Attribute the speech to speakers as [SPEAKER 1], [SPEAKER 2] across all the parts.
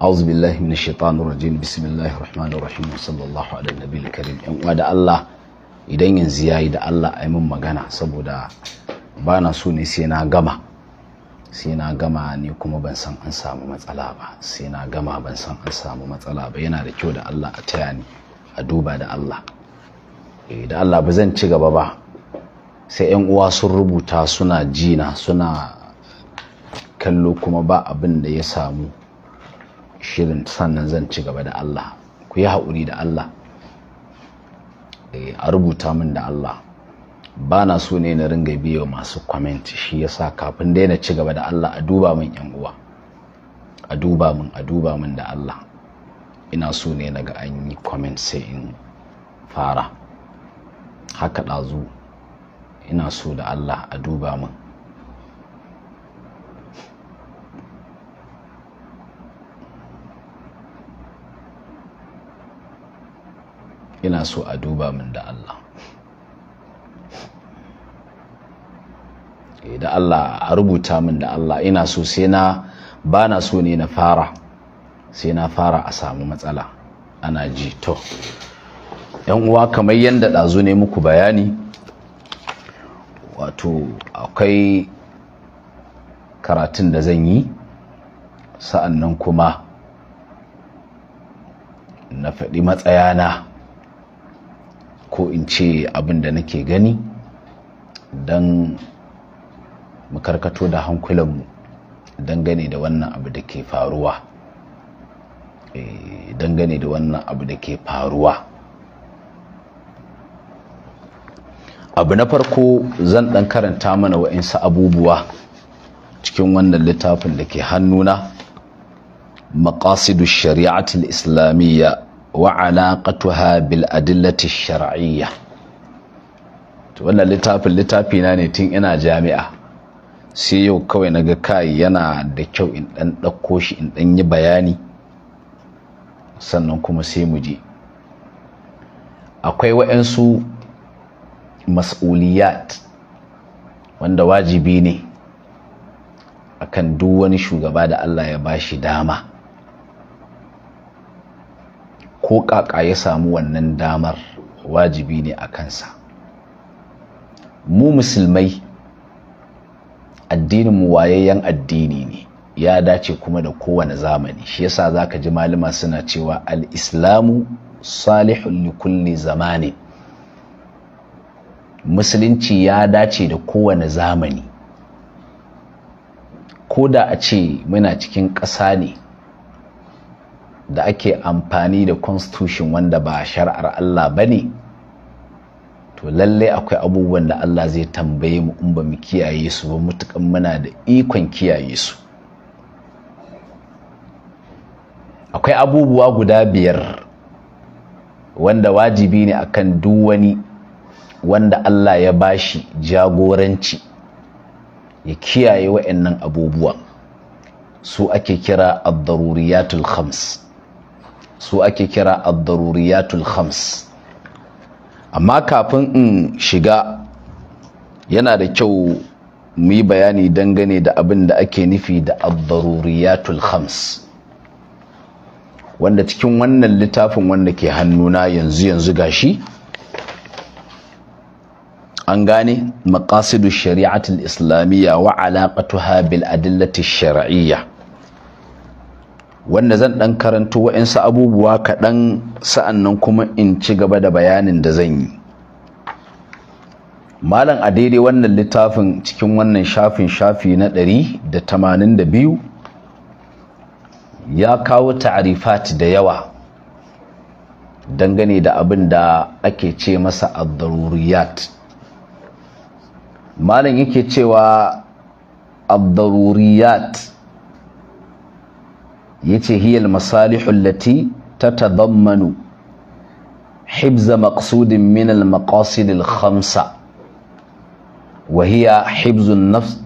[SPEAKER 1] أعوذ بالله من الشيطان الرجيم بسم الله الرحمن الرحيم وصلى الله على النبي الكريم uwa da allah idan yanzu yayi da Allah ai mun magana saboda ba na so ne sai na gama sai na gama ne kuma ban san an samu matsala ba sai na gama ban san an samu matsala ba yana da kyau da Allah a taya ni a duba da Allah eh, da Allah ba zan ci gaba ba sai yan uwa sun rubuta suna jina suna kallo kuma ba abin da ya samu shirin sannan zan ci gaba da Allah ku yi haƙuri da Allah eh, a rubuta min da Allah ba na so ne na ringa biyo masu kwament shi yasa kafin dai na ci gaba da Allah a duba min yan uwa a duba min a duba min da Allah ina so ne na ga an yi comment sai in fara haka ɗazu ina so da Allah a duba min ina so a duba min da Allah eh, da Allah a rubuta min da Allah ina so sai na ba na so ne na fara sai na fara a samu matsala ana ji to yan uwa kamar yadda ɗazu ne muku bayani wato akwai karatun da zan yi sa'an kuma na faɗi matsayana ko in ce abin da nake gani don mu karkato da hankulanmu dangane da wannan abu da ke faruwa eh, dangane da wannan abu da ke faruwa abu na farko zan dan karanta mana wa'insu abubuwa cikin wannan littafin da ke hannuna maƙasidu shari'atul islamiyya wa alaqatuha bil shar'iyya to wannan littafin littafi na ne tun ina jami'a sai yau kawai na ga kai yana da kyau in dan dauko shi in ɗan yi bayani sannan kuma sai mu je akwai wa'yansu mas'uliyat wanda wajibi ne akan duk wani shugaba da Allah ya ba shi dama ko ƙaƙa ya samu wannan damar wajibi ne a kansa mu musulmai addinin mu wayayyen addini ne ya dace kuma da kowane zamani shi yasa ka ji malama suna cewa al-islamu salihun li kulli zamani musulunci ya dace da kowane zamani ko da a ce muna cikin ƙasa ne da ake amfani da constitution wanda ba shari'ar Allah ba ne to lalle akwai abubuwan da Allah zai tambaye mu in ba mu kiyaye su ba mutukan muna da ikon kiyaye su akwai abubuwa guda biyar wanda wajibi ne akan duk wani wanda Allah ya bashi jagoranci ya kiyaye wa'annan abubuwa su ake kira ad-daruriyatul khams su ake kira ad khams amma kafin in shiga yana da kyau mu yi bayani dangane da abin da ake nufi da ad khams wanda cikin wannan littafin wanda ke hannuna yanzu yanzu gashi an gane maqasidu shari'atul islamiyya wa alaqatuha bil adillati shar'iyya wanda zan dan karanto wa'insu abubuwa kaɗan sa'an nan kuma in ci gaba da bayanin da zan yi malam a daidai wannan littafin cikin wannan shafin shafi na ɗari da tamanin da biyu ya kawo ta'arifat da yawa dangane da abin da ake ce masa abdaruriyat malam yake cewa abdaruriyat yace hiyal masalihu allati tatadammanu hibza maqsudin min al maqasid al khamsa wa hiya hibzu an nafs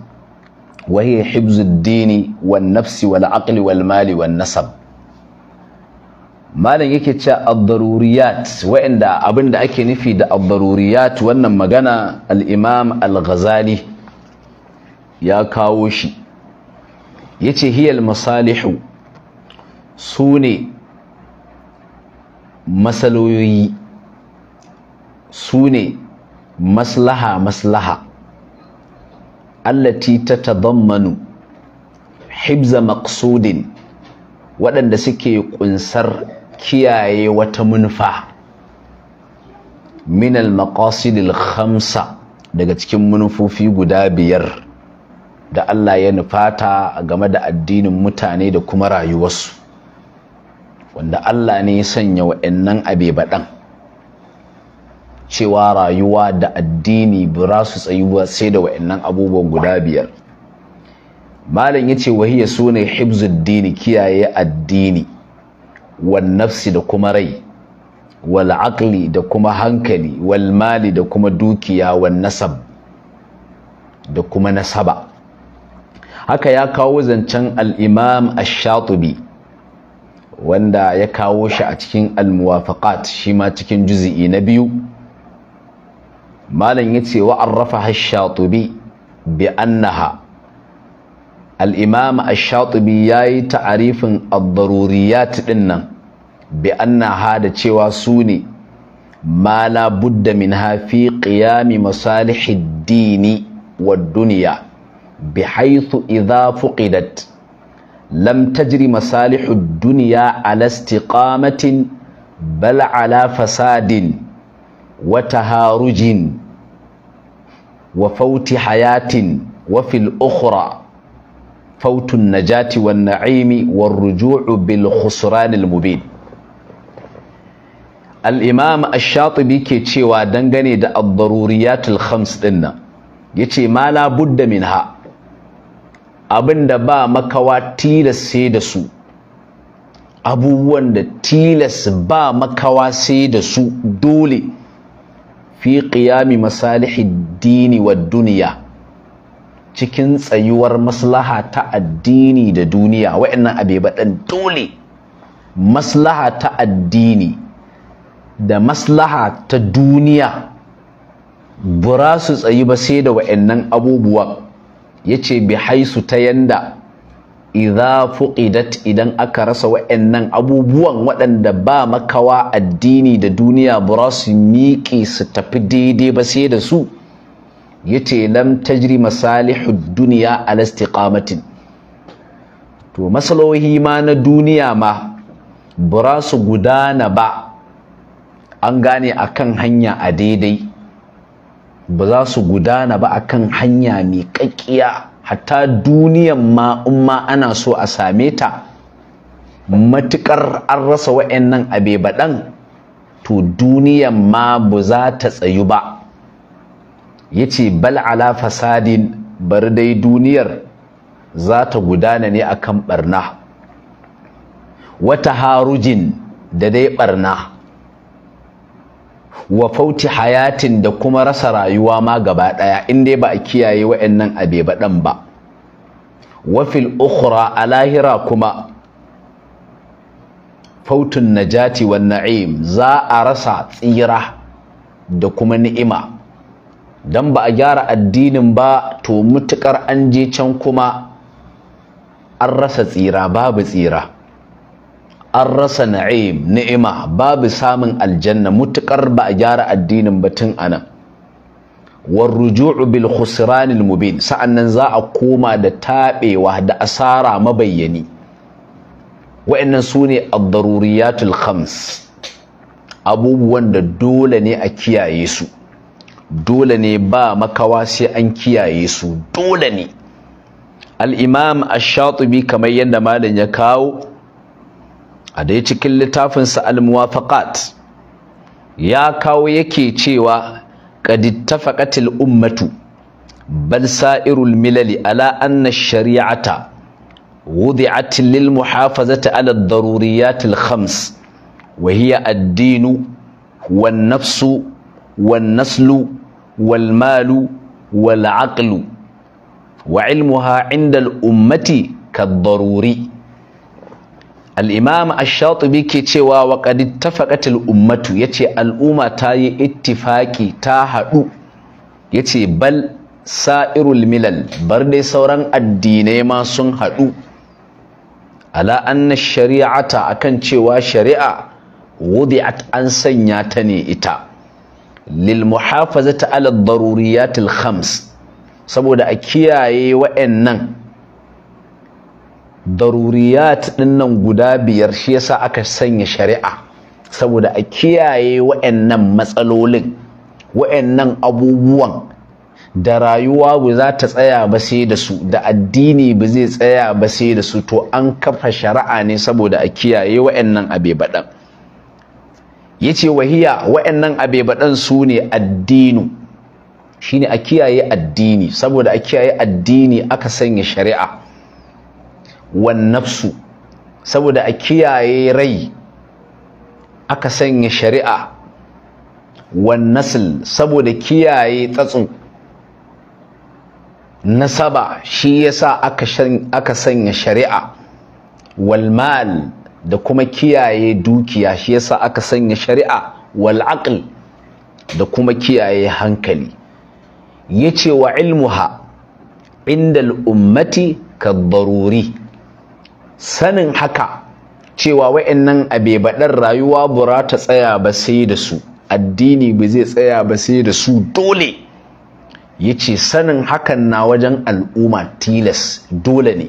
[SPEAKER 1] wa hiya hibzu ad wal aql wal malam yake cewa ad-daruriyat wa'inda abinda ake nufi da ad wannan magana al-imam al-ghazali ya kawo shi yace hiyal masalihu su ne masaloyoyi su ne maslaha maslaha allati ta tazammanu hibza maksudin. waɗanda suke ƙunsar kiyaye wata munfa Minal al-maqasidil khamsa daga cikin munufofi guda biyar da Allah ya nufata game da addinin mutane da kuma rayuwarsu wanda Allah ne ya sanya wa'annan abebaɗan cewa rayuwa da addini ba su tsayuwa sai da wa'annan abubuwan guda biyar malam ya yace wahiya sune hibzuddini kiyaye addini wan nafsi da kuma rai wal aqli da kuma hankali wal mali da kuma dukiya wan nasab da kuma nasaba haka ya kawo zancen al-imam ash-shatibi wanda ya kawo shi a cikin almuwafaqat shi ma cikin juzi na biyu malam yace wa arrafa ash-shatibi bi annaha al-imam ash-shatibi yayi ta'arifin ad-daruriyat dinnan bi annaha da cewa su ne ma la budda minha fi qiyami masalihid dini wad dunya bihaythu idha fuqidat lam tajri masalihud dunya ala istiqamatin bal ala fasadin wa taharujin wa fauti hayatin wa fil ukhra fautun najati wan na'imi wa ruju'u bil khusranil mubin al-imam ash-shatibi ke cewa dangane da ad-daruriyatul khams dinnan yace ma la budda minha abin da ba makawa tilas sai da su abubuwan da tilas ba makawa sai da su dole fi qiyami masalihin dini wa duniya cikin tsayuwar maslaha ta addini da duniya wa'annan abe baɗan dole maslaha ta addini da maslaha ta duniya bura su tsayi ba sai da wa'annan abubuwan yace bi haisu ta yanda idza fuqidat idan aka rasa wa'annan abubuwan waɗanda ba makawa addini da duniya ba su miƙe su tafi daidai ba sai da su yace lam tajri masalihud dunya ala istiqamatin to masalohi ma na duniya ma ba su gudana ba an gane akan hanya a daidai ba za su gudana ba akan hanya mai kakkiya hatta duniyan ma umma ana so a same ta Matuƙar an rasa wa'annan abebaɗan baɗan to duniyan ma ba za ta tsayu ba yace bal ala fasadin bar dai duniyar za ta gudana ne akan ɓarna. wata harujin da dai ɓarna. wa fauti hayatin da kuma rasa rayuwa ma gaba ɗaya in dai ba a kiyaye wa'annan abebaɗan ba wafil ukhra a lahira kuma fautun najati wa na'im za a rasa tsira da kuma ni'ima don ba a gyara addinin ba to mutukar an je can kuma an rasa tsira babu tsira an rasa na'im ni'ima babu samun aljanna mutukar ba a gyara addinin batun anan warruju'u bil khusranil mubin sa'annan za a koma da tabewa da asara mabayyani wa'annan sune ad-daruriyatul khams abubuwan da dole ne a kiyaye su dole ne ba makawa sai an kiyaye su dole ne al-imam ash-shatibi kamar yadda malam ya kawo a dai cikin littafinsa al-muwafaqat ya kawo yake cewa qad ittafaqat ummatu bal sa'irul milali ala anna ash-shari'ata wudi'at lil-muhafazati ala ad-daruriyat al-khams wa hiya ad-din wa an-nafs wa an-nasl wa al-mal wa ummati kad-daruri al-imam ash ke cewa wa qad ummatu yace al'umma ta yi ittifaki ta hadu yace bal sa'irul milal bar dai sauran addinai ma sun hadu ala anna shari'ata akan cewa shari'a wudi'at an sanya ta ne ita lil muhafazati ala ad khams saboda a kiyaye wa'annan daruriyat dinnan guda biyar shi yasa aka sanya shari'a saboda a kiyaye wa'annan matsalolin wa'annan abubuwan da rayuwa ba za ta tsaya ba sai da su da addini ba zai tsaya ba sai da su to an kafa shari'a ne saboda a kiyaye wa'annan abe baɗan yace wahiya wa'annan abe baɗan su ne addinu shine a kiyaye addini saboda a kiyaye addini aka sanya shari'a wan nafsu saboda a kiyaye rai aka sanya shari'a wan nasl saboda kiyaye tsatsu nasaba shi yasa aka aka sanya shari'a wal mal da kuma kiyaye dukiya shi yasa aka sanya shari'a wal aql da kuma kiyaye hankali yace wa ilmuha indal ummati daruri sanin haka cewa wa'annan abebaɗar rayuwa bura ta tsaya ba sai da su addini ba zai tsaya ba sai da su dole ya ce sanin hakan na wajen al'umma tilas dole ne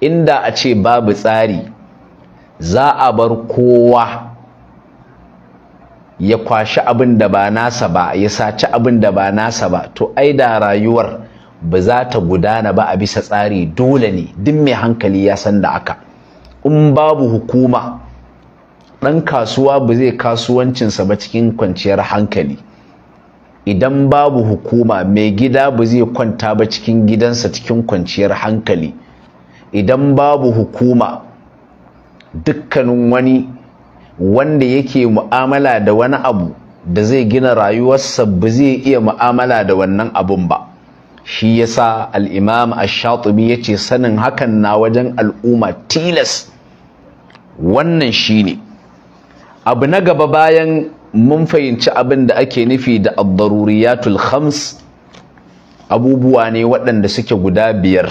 [SPEAKER 1] inda a ce babu tsari za a bar kowa ya kwashi abin da ba nasa ba ya saci abin da ba nasa ba to ai da rayuwar ba za ta gudana ba a bisa tsari dole ne duk mai hankali ya san da aka in babu hukuma ɗan kasuwa ba zai kasuwancinsa ba cikin kwanciyar hankali idan babu hukuma mai gida ba zai kwanta ba cikin gidansa cikin kwanciyar hankali idan babu hukuma dukkanin wani wanda yake mu'amala da wani abu da zai gina rayuwarsa ba zai iya mu'amala da wannan abun ba shi yasa al-imam ash-shatibi yace sanin hakan na wajen al'umma tilas wannan shine abu na gaba bayan mun fahimci abin da ake nufi da ad-daruriyatul khams abubuwa ne waɗanda suke guda biyar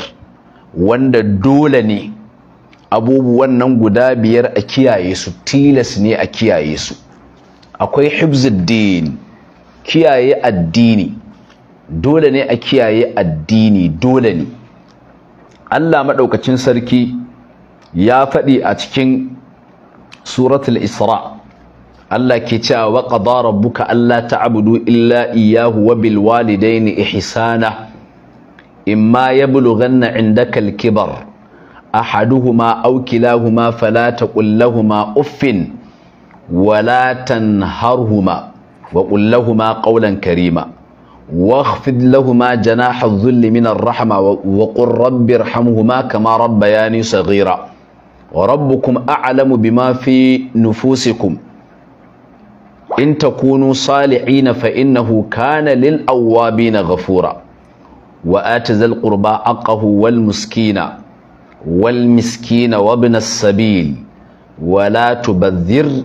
[SPEAKER 1] wanda dole ne abubuwan nan guda biyar a kiyaye su tilas ne a kiyaye su akwai hibzuddin kiyaye addini dole ne a kiyaye addini dole ne Allah maɗaukacin sarki ya faɗi a cikin suratul isra Allah ke cewa wa qadara rabbuka alla ta'budu illa iyyahu wa bil walidayni ihsana imma yablughanna indaka al kibar ahaduhuma aw kilahuma fala taqul lahumu uffin wala tanharhuma wa qul lahumu qawlan karima واخفض لهما جناح الذل من الرحمة وقل رب ارحمهما كما ربياني صغيرا وربكم أعلم بما في نفوسكم إن تكونوا صالحين فإنه كان للأوابين غفورا وآت ذا القربى حقه والمسكين والمسكين وابن السبيل ولا تبذر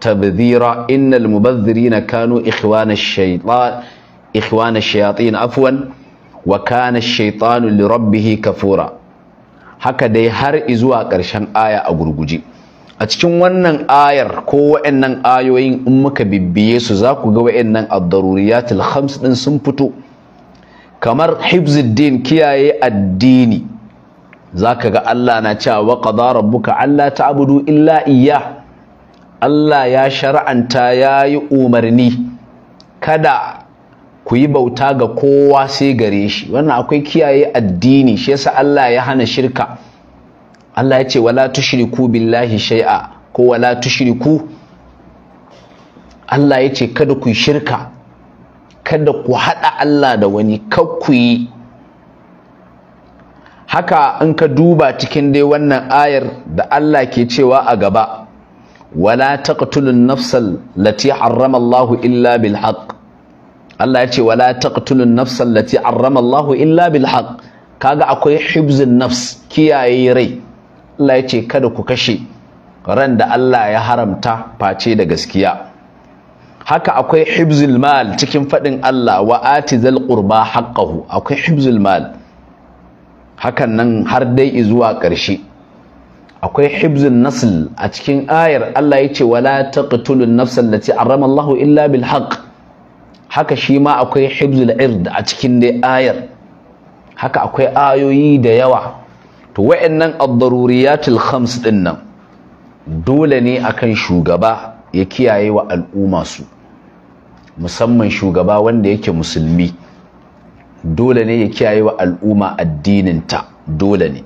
[SPEAKER 1] تبذيرا إن المبذرين كانوا إخوان الشيطان ikhwana shayatin afwan wa kana shaytanu li rabbih kafura haka dai har zuwa ƙarshen aya a gurguje a cikin wannan ayar ko wayannan ayoyin in muka bibbiye su za ku ga wayannan ad-daruriyatul khams din sun fito kamar hibzuddin kiyaye addini zaka ga Allah na cewa wa qadara rabbuka alla ta'budu illa iya? Allah ya shar'anta yayi umarni kada ku yi bauta ga kowa sai gare shi wannan akwai kiyaye addini shi yasa Allah ya hana shirka Allah ya ce wala tushriku billahi shay'a ko wala tushriku Allah ya ce kada ku shirka kada ku hada Allah da wani kar ku yi haka in ka duba cikin dai wannan ayar da Allah ke cewa a gaba wala taqtulun nafsal lati harrama illa bil Allah ya ce wala taqtulun nafsal lati arrama Allah illa bil haqq kaga akwai hibzun nafs kiyaye rai Allah ya ce kada ku kashe ran da Allah ya haramta face da gaskiya haka akwai hibzul mal cikin fadin Allah wa atizal qurba haqqahu akwai hibzul mal hakan nan har dai zuwa ƙarshe akwai hibzun nasl a cikin ayar Allah ya ce wala taqtulun nafsal lati arama Allah illa bil haqq haka shi ma akwai hibzul ird a cikin dai ayar haka akwai ayoyi da yawa to wa'annan ad-daruriyatul khams din nan dole ne akan shugaba ya kiyaye wa al'umma su musamman shugaba wanda yake musulmi dole ne ya kiyaye wa al'umma addininta dole ne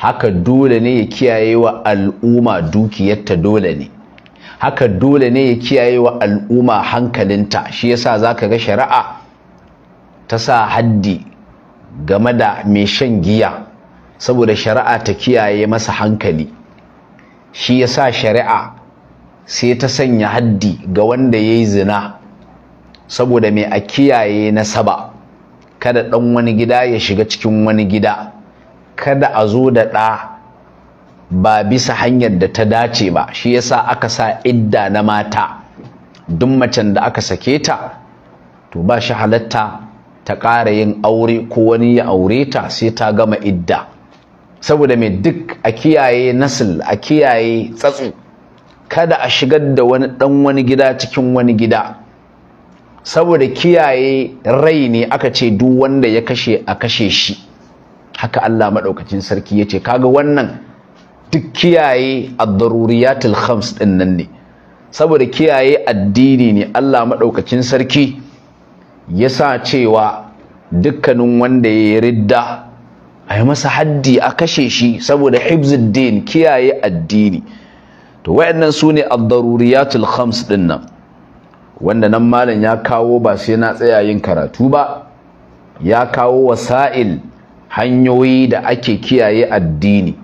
[SPEAKER 1] haka dole ne ya kiyaye wa al'umma dukiyarta dole ne haka dole ne ya kiyaye wa al'umma hankalinta shi yasa zaka ga shari'a ta sa haddi game da mai shan giya saboda shari'a ta kiyaye masa hankali shi yasa shari'a sai ta sanya haddi ga wanda yayi zina saboda mai a kiyaye na saba kada dan wani gida ya shiga cikin wani gida kada a zo da ɗa ba bisa hanyar da ta dace ba shi yasa aka sa idda na mata duk macen da aka sake ta to ba shi halatta ta ƙara yin aure ko wani ya aure ta sai ta gama idda saboda mai duk a kiyaye nasil a kiyaye tsatsu kada a shigar da wani ɗan wani gida cikin wani gida saboda kiyaye rai ne aka ce duk wanda ya kashe a kashe shi haka Allah maɗaukacin sarki ya ce kaga wannan duk kiyaye a daruriyatul khams din nan ne saboda kiyaye addini ne Allah madaukakin sarki yasa cewa dukkanin wanda ya ridda ai masa haddi a kashe shi saboda hibzuddin kiyaye addini to wayannan sune ad-daruriyatul khams din nan wanda nan malam ya kawo ba sai na tsaya yin karatu ba ya kawo wasa'il hanyoyi da ake kiyaye addini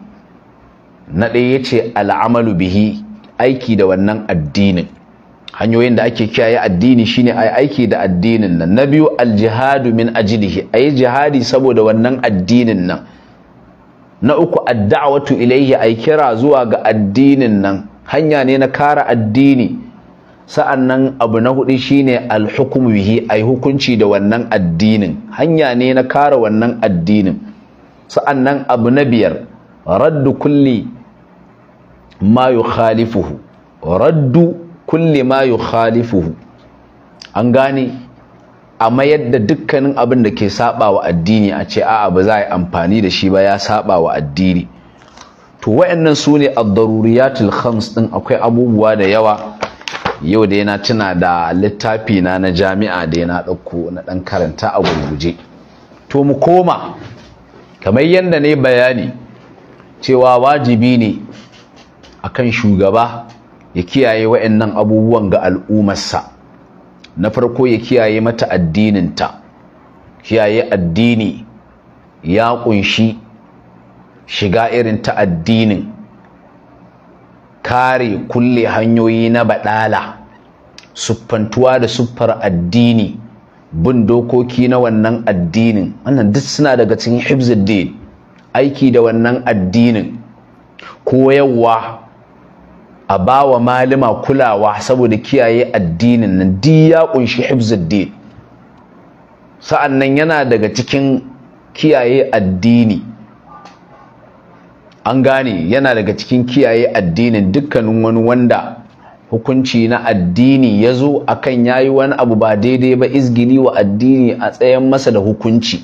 [SPEAKER 1] na ɗaya ya ce al'amalu bihi aiki da wannan addinin hanyoyin da ake kiyaye addini shine ne aiki da addinin nan na biyu aljihadu min A yi jihadi saboda wannan addinin nan na uku adda'watu ilaihi a kira zuwa ga addinin nan hanya ne na kara addini sa'annan abu na hudu shine alhukmu bihi ai hukunci da wannan addinin hanya ne na kara wannan addinin sa'annan abu na biyar raddu kulli ma yukhalifuhu raddu kulli ma yukhalifuhu an gane a mayar dukkanin abin da ke saba wa addini a ce a'a ba za a yi amfani da shi ba ya saba wa addini to wayannan su ne ad-daruriyatul khams din akwai abubuwa da yawa yau da yana tuna da littafi na na jami'a da yana ɗauko na ɗan karanta a gurguje to mu koma kamar yadda ne bayani cewa wajibi ne a kan shugaba ya kiyaye waɗannan abubuwan ga al'ummarsa na farko ya kiyaye mata addininta kiyaye addini ya kunshi shiga irin ta addinin kare kulle hanyoyi na badala suffantuwa da suffar addini bin dokoki na wannan addinin wannan duk suna daga cikin hibzuddin aiki da wannan addinin koyarwa a ba wa malama kulawa saboda kiyaye addinin nan duk ya kunshi Hibzuddin, sa'an nan yana daga cikin kiyaye addini an gane yana daga cikin kiyaye addinin dukkanin wani wanda hukunci na addini ya zo a akan yayi wani abu ba daidai ba izgili wa addini a tsayan masa da hukunci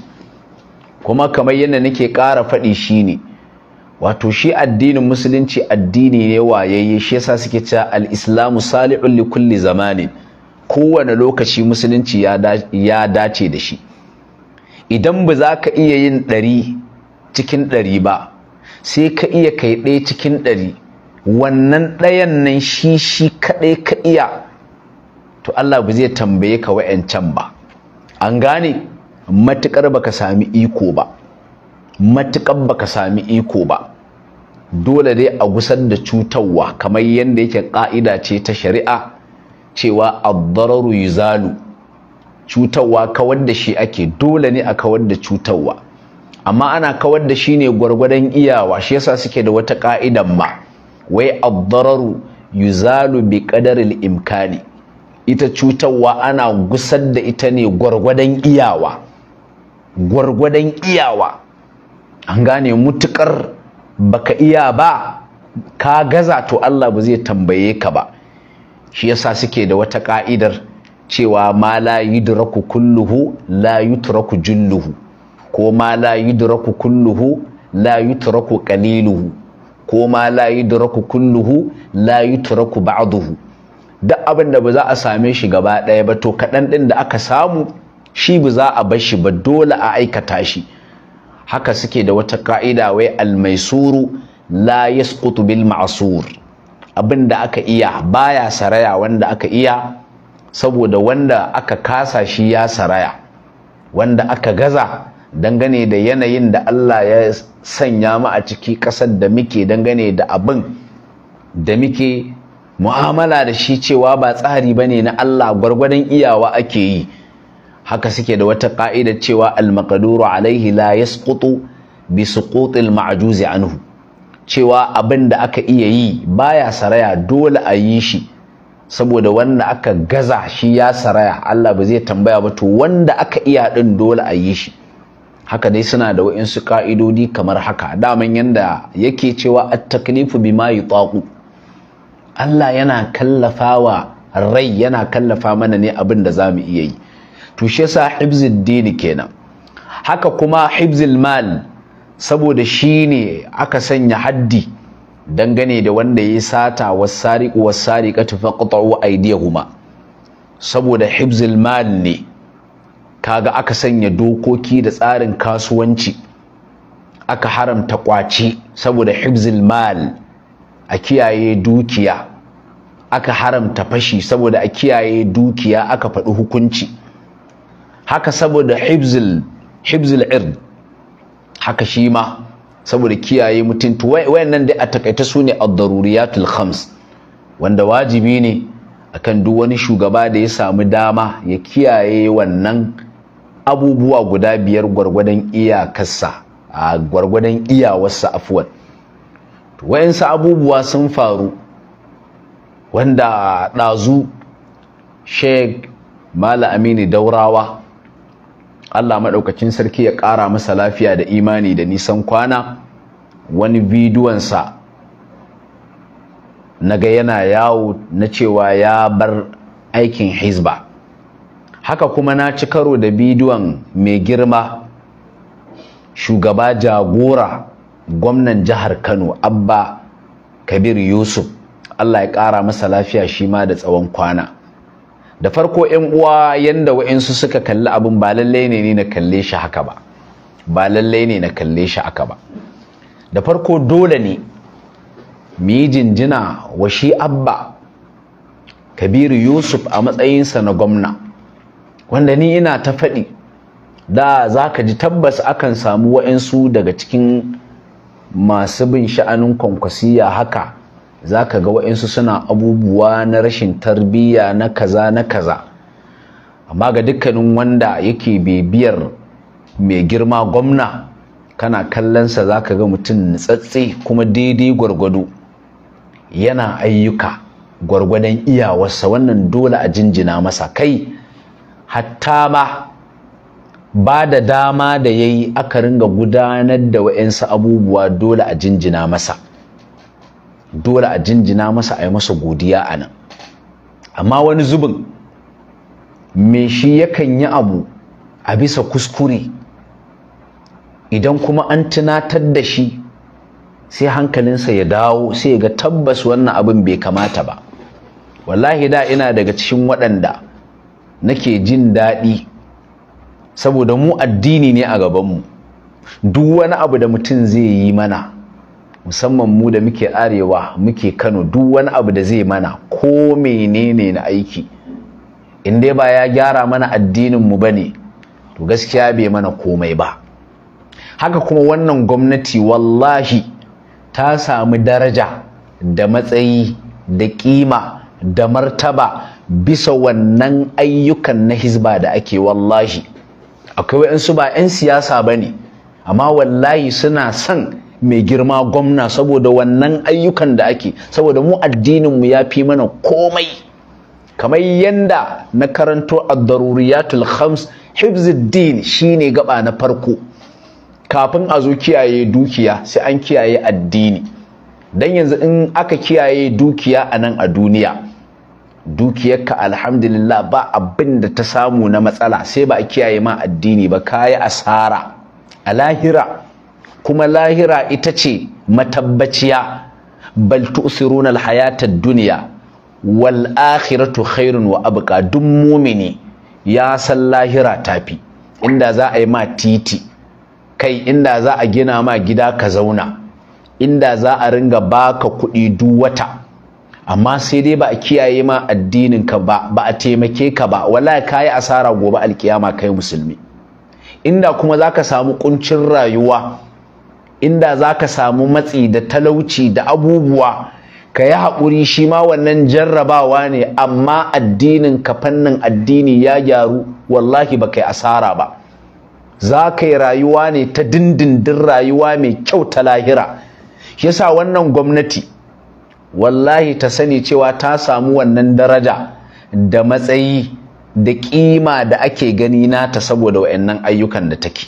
[SPEAKER 1] kuma kamar yadda nake ƙara faɗi shine wato shi addinin musulunci addini ne wayayye shi yasa suke cewa al-islamu salihun li kulli zamani kowane lokaci musulunci ya dace da shi idan ba za ka iya yin ɗari cikin ɗari ba sai ka iya kai ɗaya cikin ɗari wannan ɗayan nan shi shi kaɗai ka iya to Allah ba zai tambaye ka wa'yancan ba an gane matuƙar baka sami iko ba matukar baka sami iko ba dole dai a gusar da cutarwa kamar yadda yake ƙa'ida ce ta shari'a cewa ad yuzalu cutarwa kawar da shi ake dole ne a kawar da cutarwa amma ana kawar da shi ne gwargwadon iyawa shi yasa suke da wata ƙa'idan ma wai ad yuzalu bi qadaril imkani ita cutarwa ana gusar da ita ne gwargwadon iyawa gwargwadon iyawa an gane mutukar baka iya ba ka gaza to Allah ba zai tambaye ka ba shi yasa suke da wata ka'idar cewa ma la yudraku kulluhu la yutraku julluhu ko ma la yudraku kulluhu la yutraku qaliluhu ko ma la yudraku kulluhu la yutraku ba'duhu duk abin da ba za a same shi gaba ɗaya ba to kaɗan ɗin da aka samu shi ba za a bar shi ba dole a aikata shi haka suke da wata ka'ida wai almaisuru la yasqutu bil ma'sur abin da aka iya baya saraya wanda aka iya saboda wanda aka kasa shi ya saraya wanda aka gaza dangane da yanayin da Allah ya sanya mu a ciki ƙasar da muke dangane da abin da muke mu'amala da shi cewa ba tsari bane na Allah gwargwadon iyawa ake yi haka suke da wata ƙa'idar cewa al-maqduru alaihi la yasqutu bi suqutil ma'juzi anhu cewa abin da aka iya yi baya saraya dole a yi shi saboda wanda aka gaza shi ya saraya Allah ba zai tambaya ba to wanda aka iya din dole a yi shi haka dai suna da wa'insu ka'idodi kamar haka daman yanda yake cewa at-taklifu bima yutaqu Allah yana kallafawa rai yana kallafa mana ne abin da zamu iya yi to shi yasa hibzul dini kenan haka kuma hibzul mal saboda shi ne aka sanya haddi dangane da wanda ya sata wasariqu wasariqatu faqta'u kuma. saboda hibzul mal ne kaga aka sanya dokoki da tsarin kasuwanci aka haramta kwaci saboda hibzul mal a kiyaye dukiya aka haramta fashi saboda a kiyaye dukiya aka faɗi hukunci haka saboda hibzil hibzil haka shi ma saboda kiyaye mutuntu wayannan dai a takaita su ne ad-daruriyatul khams wanda wajibi ne akan duk wani shugaba da ya sami dama ya kiyaye wannan abubuwa guda biyar gwargwadon iyakarsa a gwargwadon iyawarsa afuwan wayansu abubuwa sun faru wanda ɗazu sheik mala amini daurawa Allah maɗaukacin sarki ya ƙara masa lafiya da imani da nisan kwana wani bidiyonsa na ga yana yawo na cewa ya bar aikin hizba haka kuma na ci karo da bidiyon mai girma shugaba jagora gwamnan jihar kano abba kabir yusuf allah ya ƙara masa lafiya shi ma da tsawon kwana da farko yan uwa yanda wa'insu suka kalli abin ba lallai ne na kalle shi haka ba ba lallai ne na kalle shi haka ba da farko dole ne mu yi jinjina wa shi abba kabiru yusuf a matsayinsa na gwamna wanda ni ina ta faɗi da za ka ji tabbas akan samu wa'insu daga cikin masu bin sha'anin kwankwasiya haka za ka ga wa'insu suna abubuwa na rashin tarbiyya na kaza na kaza amma ga dukkanin wanda yake bibiyar mai girma gwamna kana kallonsa za ka ga mutum nutsatse kuma daidai gwargwado yana ayyuka gwargwadon iyawarsa wannan dole a jinjina masa kai hatta ma ba da dama da ya yi aka ringa gudanar da wa'insu abubuwa dole a jinjina masa dole a jinjina masa a yi masa godiya a nan amma wani zubin me shi yakan yi abu a bisa kuskure idan kuma an tunatar da shi sai hankalinsa ya dawo sai ga tabbas wannan abin bai kamata ba wallahi da ina daga cikin waɗanda nake jin daɗi saboda mu addini ne a gabanmu duk wani abu da mutum zai yi mana musamman mu da muke arewa muke kano duk wani abu da zai mana ko menene na aiki in dai ba ya gyara mana addinin mu bane to gaskiya bai mana komai ba haka kuma wannan gwamnati wallahi ta samu daraja da matsayi da kima da martaba bisa wannan ayyukan na hizba da ake wallahi akwai waɗansu ba 'yan siyasa bane amma wallahi suna son mai girma gwamna saboda wannan ayyukan da ake saboda mu addininmu ya fi mana komai kamar yanda na karanto a daruriyatul khams shi ne gaba na farko kafin a zo kiyaye dukiya sai an kiyaye addini don yanzu in aka kiyaye dukiya a nan a duniya dukiyarka alhamdulillah ba abin da ta samu na matsala sai ba a kiyaye ma addini ba kayi asara a lahira kuma lahira ita ce matabbaciya bal tu'siruna al-hayata ad-dunya wal akhiratu khairun wa abqa duk mumini ya san lahira tafi inda za a yi ma titi kai inda za a gina ma gida ka zauna inda za a ringa baka kuɗi duk wata amma sai dai ba a kiyaye ma addinin ka ba ba a taimake ka ba wallahi kayi asara gobe alkiyama kai musulmi inda kuma zaka samu kuncin rayuwa inda za ka samu matsi da talauci da abubuwa ka yi haƙuri shi ma wannan jarrabawa ne amma addinin ka fannin addini ya gyaru wallahi ba yi asara ba za ka yi rayuwa ne ta dindindin rayuwa mai kyau ta lahira yasa wannan gwamnati wallahi ta sani cewa ta samu wannan daraja da matsayi da ƙima da ake gani nata saboda wa'annan ayyukan da take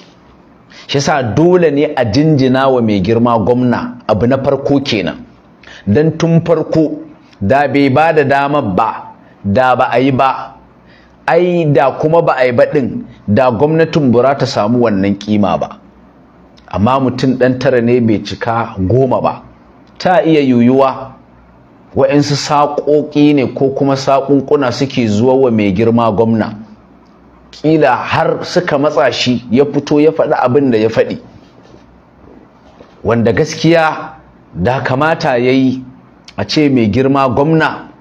[SPEAKER 1] shi sa dole ne a jinjina wa mai girma gwamna abu na farko kenan don tun farko da bai ba da dama ba da ba a yi ba ai da kuma ba a yi ba din, da gwamnatin bura ta samu wannan kima ba amma mutum ɗan tara ne bai cika goma ba ta iya yuyuwa wa'insu saƙoƙi ne ko kuma saƙunƙuna suke zuwa wa mai girma gwamna kila har suka matsa shi ya fito ya faɗi abin da ya faɗi wanda gaskiya da kamata ya yi a ce mai girma gwamna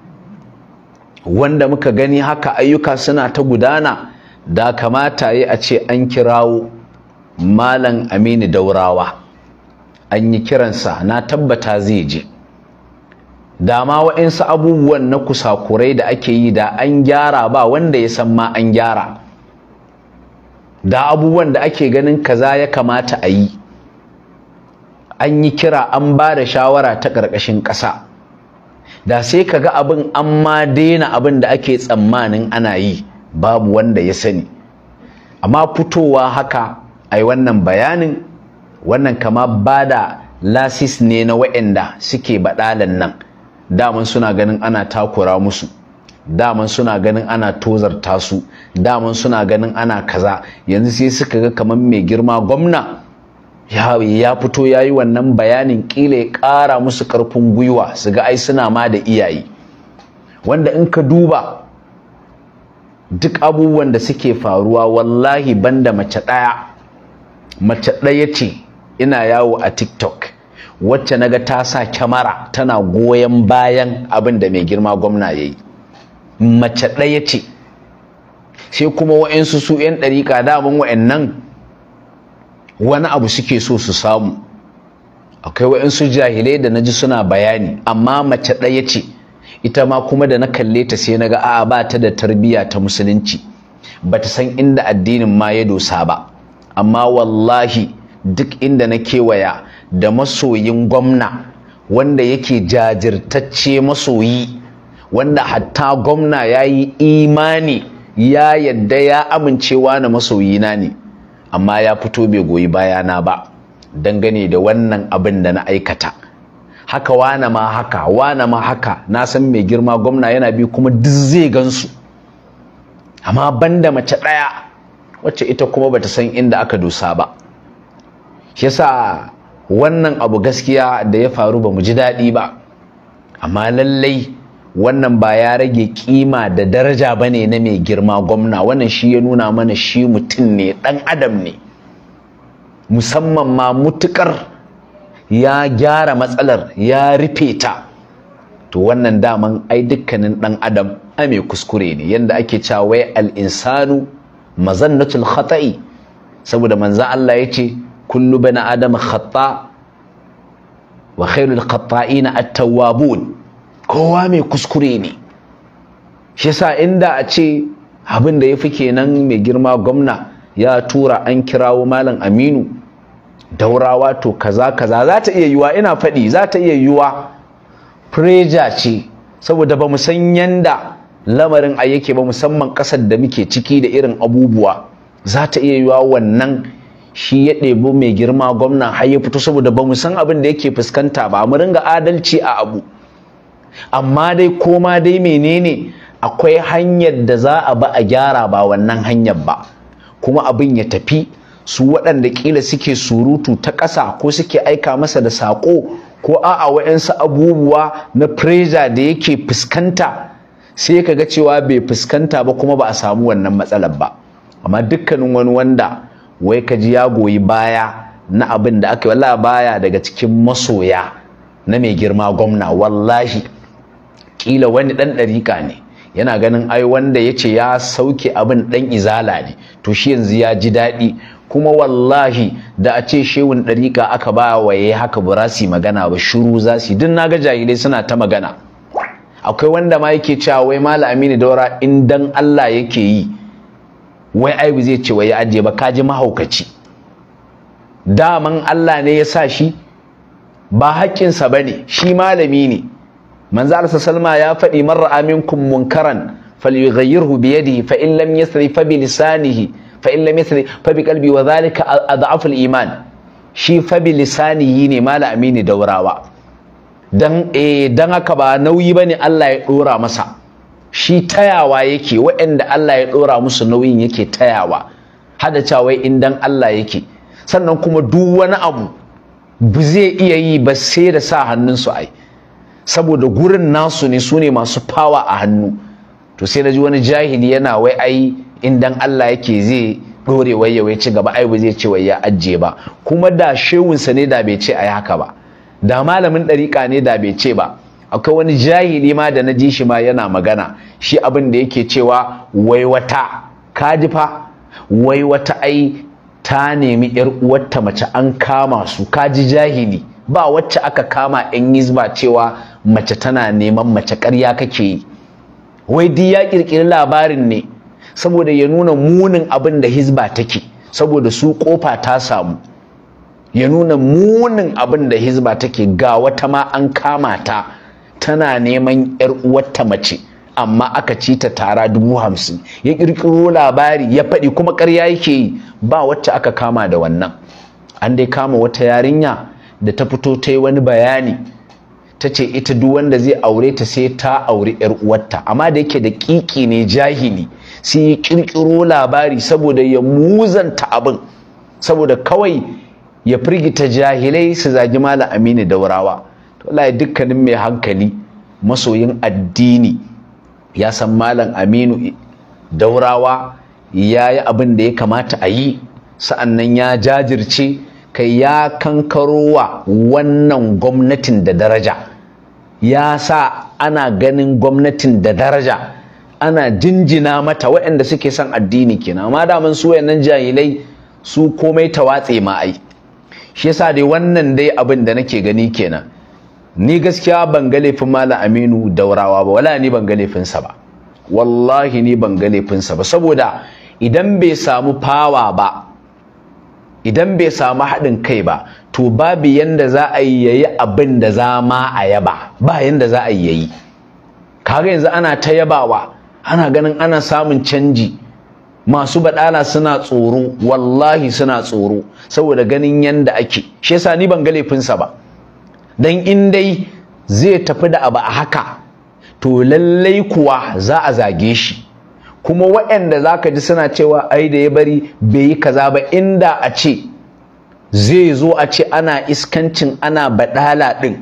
[SPEAKER 1] wanda muka gani haka ayyuka suna ta gudana da kamata ya a ce an kirawo malam aminu daurawa an yi kiransa na tabbata zai je dama waɗansu abubuwan na kusakurai da ake yi da an gyara ba wanda ya san ma an gyara da abubuwan da ake ganin kaza ya kamata a yi an yi kira an ba da shawara ta ƙarƙashin ƙasa da sai ka ga abin an ma daina abin da ake tsammanin ana yi babu wanda ya sani amma fitowa haka a yi wannan bayanin wannan kama ba da lasis ne na waɗanda suke baɗalan nan daman suna ganin ana takura musu daman suna ganin ana tozarta su daman suna ganin ana kaza yanzu sai suka ga kamar mai girma gwamna ya fito ya yi wannan bayanin ƙila ya ƙara musu ƙarfin gwiwa su ga ai suna ma da iyaye wanda in ka duba duk abubuwan da suke faruwa wallahi banda mace ɗaya mace ɗaya ce ina yawo a tiktok wacce naga ta sa kyamara tana goyon bayan abin da mai girma gwamna ya yi mace ɗaya ce sai kuma waɗansu su 'yan ɗariƙa daman wa'annan wani abu suke so su samu akwai waɗansu jahilai da na ji suna bayani amma mace ɗaya ce ita ma kuma da na kalle ta sai na ga a'a ba ta da tarbiyya ta musulunci ba ta san inda addinin ma ya dosa ba amma wallahi duk inda na kewaya da masoyin gwamna wanda yake jajirtacce masoyi wanda hatta gwamna ya yi imani ya yadda ya amincewa na masoyina ne amma ya fito bai goyi bayana ba dangane da wannan abin da na aikata haka wane ma haka wane ma haka na san mai girma gwamna yana bi kuma duk zai gansu amma banda mace ɗaya wacce ita kuma bata san inda aka dosa ba shi yasa wannan abu gaskiya da ya faru ba mu ji daɗi ba amma lallai wannan ba ya rage kima da daraja ba ne na mai girma gwamna wannan shi ya nuna mana shi mutum ne ɗan adam ne musamman ma mutukar ya gyara matsalar ya rufe ta to wannan daman ai dukkanin ɗan adam a mai kuskure ne yadda ake cawai al'insanu mazannatul khata'i saboda manza Allah ya ce kullu bani adam khata wa khairul khata'ina at-tawwabun kowa mai kuskure ne shi yasa inda a ce abin da ya fi kenan mai girma gwamna ya tura an kirawo malam aminu daurawa to kaza kaza za ta iya yiwa ina faɗi za ta iya yiwa preja ce saboda ba mu san yanda lamarin a yake ba musamman ƙasar da muke ciki da irin abubuwa za ta iya yiwa wannan shi ya ɗebo mai girma gwamna har ya fito saboda ba mu san abin da yake fuskanta ba mu ringa adalci a abu amma dai koma dai menene akwai hanyar da za a ba a gyara ba wannan hanyar ba kuma abin ya tafi su waɗanda ƙila suke surutu ta ƙasa ko suke aika masa da saƙo ko a'a wa'yansu abubuwa na pressure da yake fuskanta sai ka ga cewa bai fuskanta ba kuma ba a samu wannan matsalar ba amma dukkanin wani wanda wai ka ji ya goyi baya na abin da aka yi wallahi baya daga cikin masoya na mai girma gwamna wallahi kila wani ɗan ɗariƙa ne yana ganin ai wanda ya ce ya sauke abin ɗan izala ne to shi yanzu ya ji daɗi kuma wallahi da a ce shewun ɗariƙa aka ba waye haka ba magana ba shuru za su duk naga jahilai suna ta magana akwai wanda ma yake cewa wai mala aminu daura in dan Allah yake yi wai ai zai ce wai ya ajiye ba ka ji mahaukaci daman Allah ne ya sa shi ba hakkinsa bane shi malami ne manzo Allah sallama ya faɗi man ra'a minkum munkaran falyughayyirhu bi yadihi fa in lam yasri fa bi lisanihi fa in lam yasri fa bi qalbi wa dhalika adhafu al-iman shi fa bi lisanihi ne mala amini daurawa dan eh dan haka ba nauyi bane Allah ya dora masa shi tayawa yake waɗanda Allah ya dora musu nauyin yake tayawa hada cawai in dan Allah yake sannan kuma duk wani abu ba zai iya yi ba sai da sa hannunsu ai saboda gurin nasu ne su ne masu fawa a hannu to sai na ji wani jahili yana wai ai in dan Allah yake zai dore wai ya ci gaba ai ba zai ce wai ya ajje ba kuma da shehunsa ne da bai ce ai haka ba da malamin ɗariƙa ne da bai ce ba akwai wani jahili ma da na ji shi ma yana magana shi abin da yake cewa wai wata ka ji fa wai wata ai ta nemi yar uwarta mace an kama su ka ji jahili ba wacce aka kama yan yizba cewa mace tana neman mace ƙarya kake yi wai duk ya ƙirƙiri labarin ne saboda ya nuna munin abin da hizba take saboda su ƙofa ta samu ya nuna munin abin da hizba take ga wata ma an kama ta tana neman 'yar uwarta mace amma aka ci ta tara dubu hamsin ya ƙirƙiro labari ya faɗi kuma ƙarya yake yi ba wacce aka kama da wannan an dai kama wata yarinya da ta fito ta yi wani bayani ta ce ita duk wanda zai aure ta sai ta auri yar uwarta amma da yake da kiki ne jahili sai ya kirkiro labari saboda ya muzanta abin saboda kawai ya firgita jahilai su zagi malam aminu daurawa to wallahi dukkanin mai hankali masoyin addini ya san malam aminu daurawa ya yi abin da ya kamata a yi sa'annan ya jajirce kai ya kankarowa wannan gwamnatin da daraja ya sa ana ganin gwamnatin da daraja ana jinjina mata waɗanda suke son addini kenan amma da mun su wayannan jahilai su komai tawatse ma ai shi yasa dai wannan dai abin da nake gani kenan ni gaskiya ban ga laifin malam Aminu Daurawa ba wala ni ban ga laifinsa ba wallahi ni ban ga laifinsa ba saboda idan bai samu fawa ba idan bai samu haɗin kai ba to babu yanda za a yi yayi abin da za ma a yaba ba yanda za a yi yayi kaga yanzu ana ta yabawa ana ganin ana samun canji masu baɗala suna tsoro wallahi suna tsoro saboda ganin yanda ake shi yasa ni ban ga laifinsa ba dan in dai zai tafi da abu a haka to lallai kuwa za a zage shi kuma waɗanda za ka ji suna cewa ai da ya bari bai yi kaza ba inda a ce zai zo a ce ana iskancin ana baɗala ɗin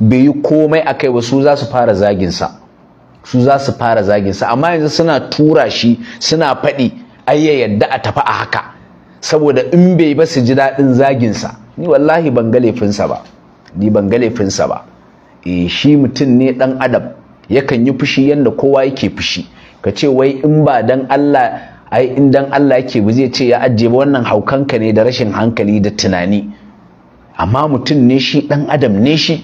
[SPEAKER 1] bai yi komai a kai ba su za su fara zaginsa su za su fara zaginsa amma yanzu suna tura shi suna faɗi ai ya yadda a tafi a haka saboda in bai ba su ji daɗin zaginsa ni wallahi ban ga laifinsa ba ni ban ga laifinsa ba eh shi mutum ne ɗan adam yakan yi fushi yadda kowa yake fushi ka ce wai in ba dan Allah ai in dan Allah yake ba zai ce ya ajiye ba wannan haukanka ne da rashin hankali da tunani amma mutum ne shi dan adam ne shi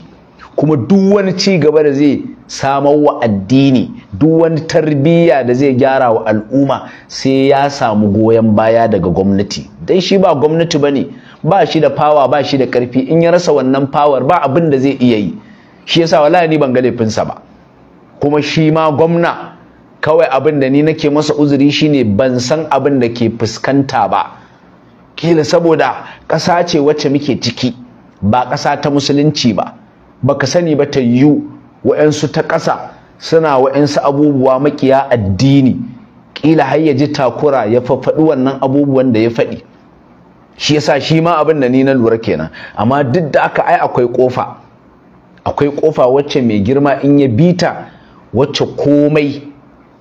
[SPEAKER 1] kuma duk wani ci gaba da zai samar wa addini duk wani tarbiyya da zai gyara wa al'umma sai ya samu goyon baya daga gwamnati dan shi ba gwamnati bane ba shi da fawa ba shi da karfi in ya rasa wannan fawar ba abin da zai iya yi shi yasa wallahi ni ban ga laifinsa ba kuma shi ma gwamna kawai abin da ni nake masa uzuri shine ban san abin da ke fuskanta ba kila saboda ƙasa ce wacce muke ciki ba ƙasa ta musulunci ba baka sani ba ta yiwu wa'ansu ta ƙasa suna wa'ansu abubuwa makiya addini kila har ya ji takura ya faɗi wannan abubuwan da ya faɗi shi yasa shi ma abin da ni na lura kenan amma duk da aka ai akwai kofa akwai kofa wacce mai girma in ya bita wacce komai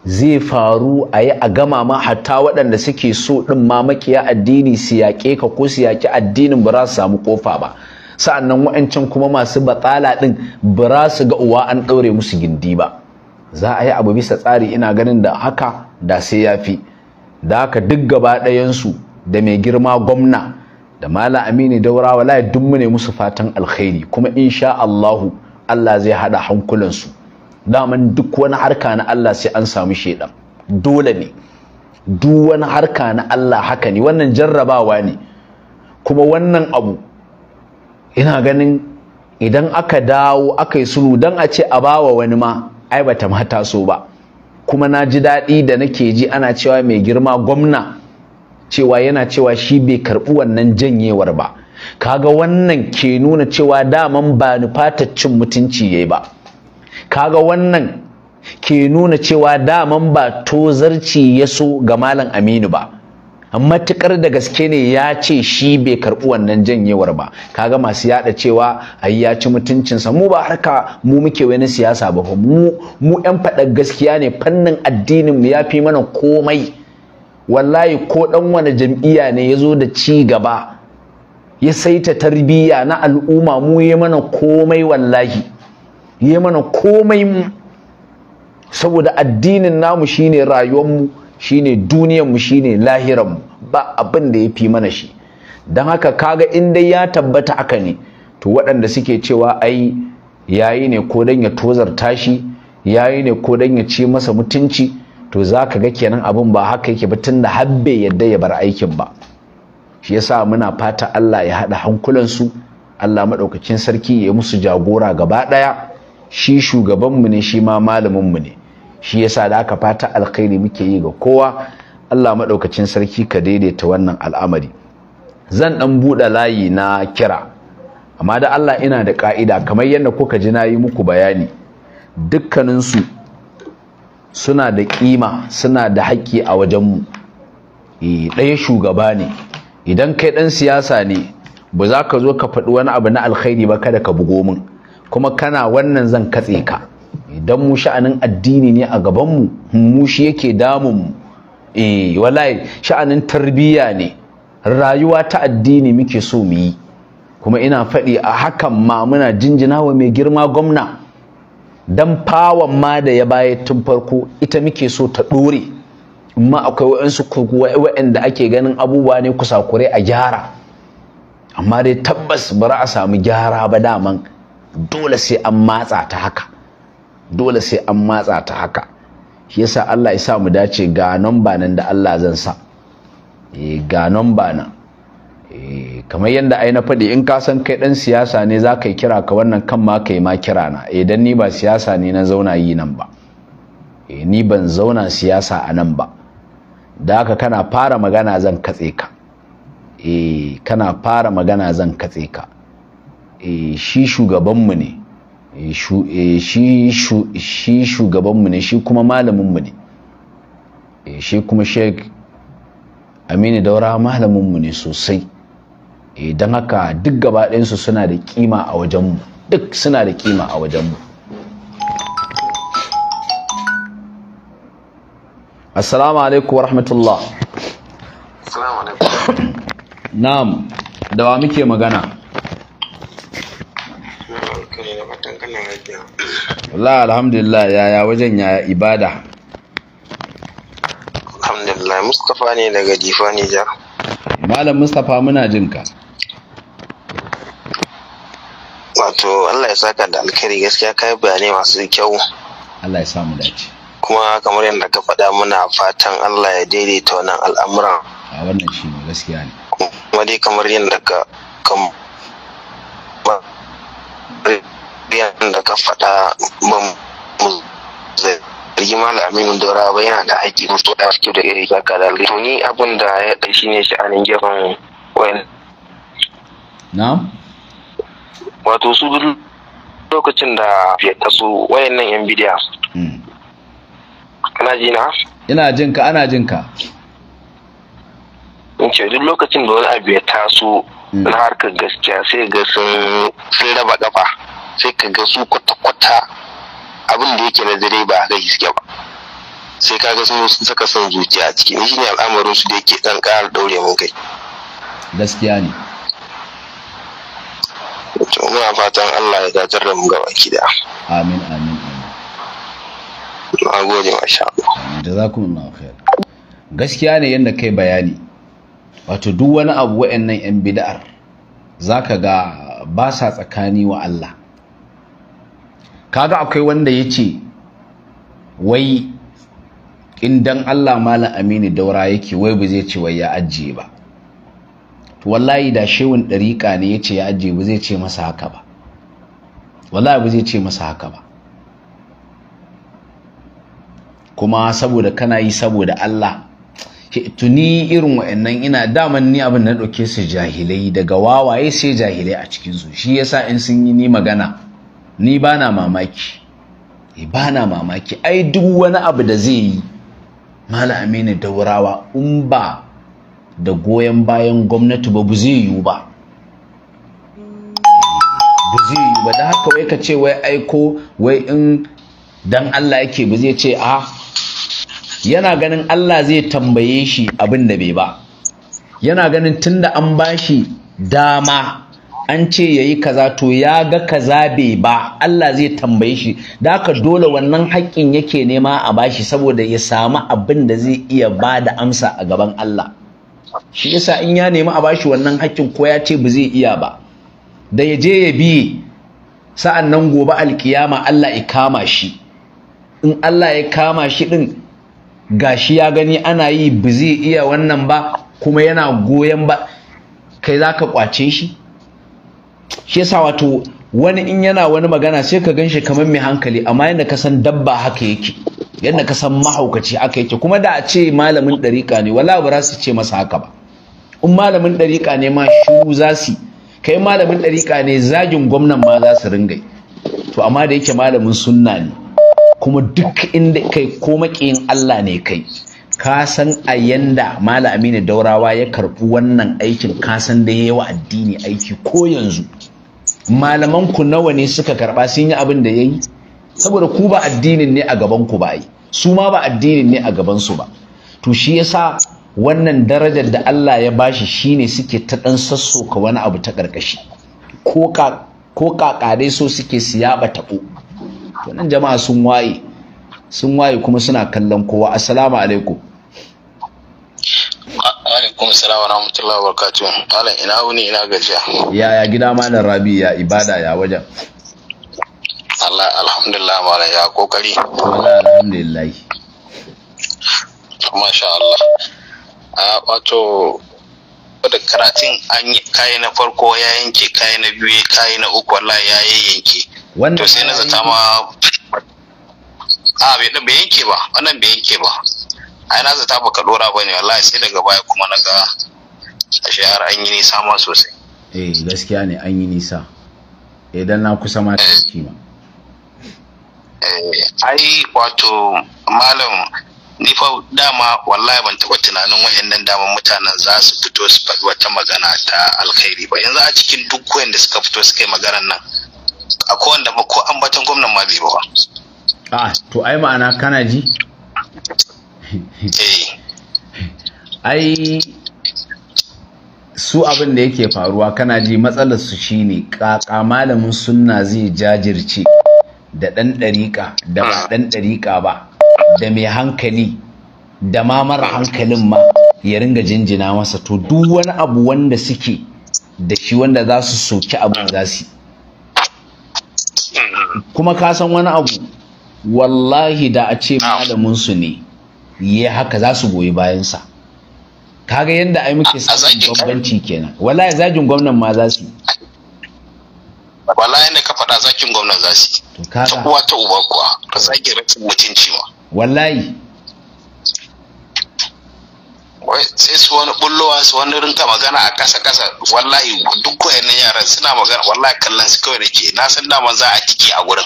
[SPEAKER 1] zai faru a yi a gama ma hatta waɗanda suke so ɗin ma makiya addini su yaƙe ka ko su yaƙi addinin ba za su samu ƙofa ba sa'annan wa'ancan kuma masu batsala ɗin ba za su ga uwa an ɗaure musu gindi ba za a yi abu bisa tsari ina ganin da haka da sai ya fi da haka duk gaba ɗayansu da mai girma gwamna da mala amini Daurawa wallahi duk mu musu fatan alkhairi kuma insha Allahu Allah zai haɗa hankulansu daman duk wani harka na Allah sai an samu shedan dole ne duk wani harka na Allah haka ne wannan jarrabawa ne kuma wannan abu ina ganin idan aka dawo aka yi sulhu dan a ce a bawa wani ma ai bata ma so ba kuma na ji daɗi da nake ji ana cewa mai girma gwamna cewa yana cewa shi bai karɓi wannan janyewar ba kaga wannan ke nuna cewa daman ba nufatar cin mutunci yayi ba kaga wannan ke nuna cewa daman ba tozarci ya so ga malam aminu ba matukar da gaske ne ya ce shi bai karɓi wannan janyewar ba kaga masu yada cewa ai ya ci mutuncinsa mu ba harka mu muke wani siyasa ba mu mu yan faɗa gaskiya ne fannin addinin mu yafi mana komai wallahi ko dan wani jam'iyya ne ya zo da ci gaba ya saita tarbiyya na al'umma mu yi mana komai wallahi yi mana komai saboda addinin namu shine rayuwarmu shine mu shine lahiranmu ba abin da ya fi mana shi don haka kaga in dai ya tabbata aka ne to waɗanda suke cewa ai yayi ne ko don ya tozarta shi yayi ne ko don ya ci masa mutunci to za ka ga kenan abin ba haka yake ba tun da habbe yadda ya bar aikin ba shi yasa muna fata Allah ya haɗa hankulansu Allah maɗaukacin sarki ya musu jagora gaba ɗaya shi shugabanmu ne shi ma malaminmu ne shi yasa da aka fata alkhairi muke yi ga kowa Allah maɗaukacin sarki ka daidaita wannan al'amari zan ɗan buɗe layi na kira amma da Allah ina da ƙa'ida kamar yadda kuka ji na yi muku bayani dukkaninsu suna da ƙima suna da haƙƙi a wajenmu eh, ɗaya shugaba ne idan kai ɗan siyasa ne ba za ka zo ka faɗi wani abu na alkhairi ba kada ka bugo min kuma kana wannan zan katse ka idan mu sha'anin addini ne a gaban mu mu shi yake damun mu. eh wallahi sha'anin tarbiyya ne rayuwa ta addini muke so mu yi kuma ina faɗi a hakan ma muna jinjina wa mai girma gwamna dan fawon ma da ya baya tun farko ita muke so ta ɗore amma akwai waɗansu wa'anda ake ganin abubuwa ne kusakurai a gyara amma dai tabbas ba a samu gyara ba daman dole sai an matsa ta haka dole sai an matsa ta haka shi yasa Allah ya sa mu dace ga nan nan da Allah zan sa eh ga nan nan eh, kamar yadda ai na faɗi in ka san kai ɗan siyasa ne za ka kira ka wannan kan ma ka ma kira na eh dan ni ba siyasa ne na zauna yi nan ba eh ni ban zauna siyasa a nan ba da haka kana fara magana zan katse ka eh kana fara magana zan katse ka Eh, shi shugabanmu ne eh, eh, shi shugabanmu ne shi kuma malaminmu ne shi kuma sheik aminu daura malaminmu ne sosai don haka duk gabaɗinsu suna da kima a wajenmu duk suna da kima a wajenmu assalamu alaikum wa rahmatullah na'am da wa muke magana kana lafiya wallahi alhamdulillah yaya wajen yaya ibada
[SPEAKER 2] alhamdulillah mustapha ne daga difa nijar
[SPEAKER 1] malam mustapha muna jin ka
[SPEAKER 2] wato allah ya saka da alkhairi gaskiya kai bayanai masu kyau allah ya samu dace kuma kamar yadda ka faɗa muna fatan allah ya daidaita wannan al'amuran
[SPEAKER 1] a wannan shi ne gaskiya ne
[SPEAKER 2] kuma dai kamar yadda ka kamar biyan da ka faɗa ban mu zai zargi Aminu dora ba yana da aiki mutu da haƙƙi da iri zaka da to ni abin da ya ɗai shine sha'anin gefen wayan na wato su lokacin da su wayan wayannan yan bidiya hmm. kana ji na
[SPEAKER 1] ina jin ka ana jin ka
[SPEAKER 2] in ce duk lokacin da wani abu ya taso hmm. na harkar gaskiya sai ga sun raba kafa sai ka ga su kwata-kwata abin da yake na direba haka suke ba sai ka ga sun saka son zuciya a ciki shi ne al'amarin su da yake dan ƙara daure mun kai
[SPEAKER 1] gaskiya ne muna fatan Allah ya dajar da mu baki da amin amin amin na gode masha Allah khair gaskiya ne yadda kai bayani wato duk wani abu wa'annan 'yan bida'ar za ka ga ba sa tsakani wa Allah kaga akwai wanda ya ce wai in dan Allah malam aminu daura yake wai ba zai ce wai ya ajiye ba to wallahi da shewun dariƙa ne ya ce ya ajiye ba zai ce masa haka ba wallahi ba zai ce masa haka ba kuma saboda kana yi saboda Allah tuni irin wa'annan ina daman ni abin na ɗauke su jahilai daga wawaye sai jahilai a cikinsu shi yasa in sun yi ni magana ni ba na mamaki eh, ba na mamaki ai duk wani abu da zai yi mala aminu daurawa in ba da goyon bayan gwamnati ba bu zai yiwu ba bu zai yiwu ba da haka wai ka ce wai aiko wai in dan Allah yake bu zai ce a ah, yana ganin Allah zai tambaye shi abin da bai ba yana ganin tunda an bashi dama an ce ya yi kaza to ya ga kaza bai ba Allah zai tambaye shi da haka dole wannan haƙƙin yake nema a bashi saboda ya samu abin da zai iya ba da amsa a gaban Allah shi yasa in ya nemi a bashi wannan haƙƙin ko ya ce ba zai iya ba da ya je ya bi sa'an nan gobe alkiyama Allah ya kama shi in Allah ya kama shi din gashi ya gani ana yi ba zai iya wannan ba kuma yana goyon ba kai za ka kwace shi shi yasa wato wani in yana wani magana sai ka ganshi kamar mai hankali amma yadda ka san dabba haka yake yadda ka san mahaukaci haka yake kuma da a ce malamin ɗariƙa ne wala ba su ce masa haka ba in malamin ɗariƙa ne ma shiru za su kai malamin ɗariƙa ne zagin gwamnan ma za su ringa to amma da yake malamin sunna ne kuma duk inda kai ko maƙiyin Allah ne kai ka san a yanda Malam Aminu Daurawa ya karɓi wannan aikin ka san da wa addini aiki ko yanzu malaman ku nawa ne suka karba sun yi abin da yayi saboda ku ba addinin ne a gaban ku ba yi su ma ba addinin ne a gaban su ba to shi yasa wannan darajar da Allah ya bashi shine suke ta dan sassoka wani abu ta karkashi ko ka ko so suke ba taɓo to nan jama'a sun waye sun waye kuma suna kallon kowa assalamu alaikum
[SPEAKER 2] alaikum salam wa rahmatullahi wa barakatuh. Malam ina wuni ina gajiya.
[SPEAKER 1] Yaya gida malam Rabi ya ibada ya wajen?
[SPEAKER 2] Allah alhamdulillah malam ya kokari. Allah
[SPEAKER 1] alhamdulillah.
[SPEAKER 2] Masha Allah. A wato da karatun an yi kayi na farko ya yanke kayi na biyu kayi na uku wallahi ya yanke.
[SPEAKER 1] Wannan
[SPEAKER 3] to sai na zata
[SPEAKER 2] ma a bai yanke ba wannan bai yanke ba ai na zata baka dora ba ne wallahi sai daga baya kuma naga a ashe an yi nisa ma sosai
[SPEAKER 1] eh gaskiya ne an yi nisa idan na kusa ma ta yi ma
[SPEAKER 2] eh, ai wato malam ni fa dama wallahi ban taɓa tunanin wayannan dama mutanen za su fito su faɗi wata magana ta alkhairi ba yanzu a cikin duk da suka fito suka yi maganar nan akwai wanda ba ko
[SPEAKER 1] ambatan gwamnan ma bai ba a ah, to ai ma'ana kana ji ai su abin da yake faruwa kana ji matsalar su shine ƙaƙa malamin sunna zai jajirce da ɗan ɗariƙa da ba ɗan ɗariƙa ba da mai hankali da ma mara hankalin ma ya ringa jinjina masa to duk wani abu wanda suke da shi wanda za su soki abu za su kuma ka san wani abu wallahi da a ce malamin su ne ya haka za su goyi bayansa kaga yadda ai muke samun bambanci kenan wallahi zakin gwamnan ma za su wallahi ne ka faɗa
[SPEAKER 2] zakin gwamnan za su ta uwa ta uba kuwa ka zagin rashin mutunci ma
[SPEAKER 1] wallahi
[SPEAKER 2] sai su wani bullowa su wani rinka magana a ƙasa ƙasa wallahi duk wayannan yaran suna magana wallahi kallon su kawai nake na san dama za a ciki a gurin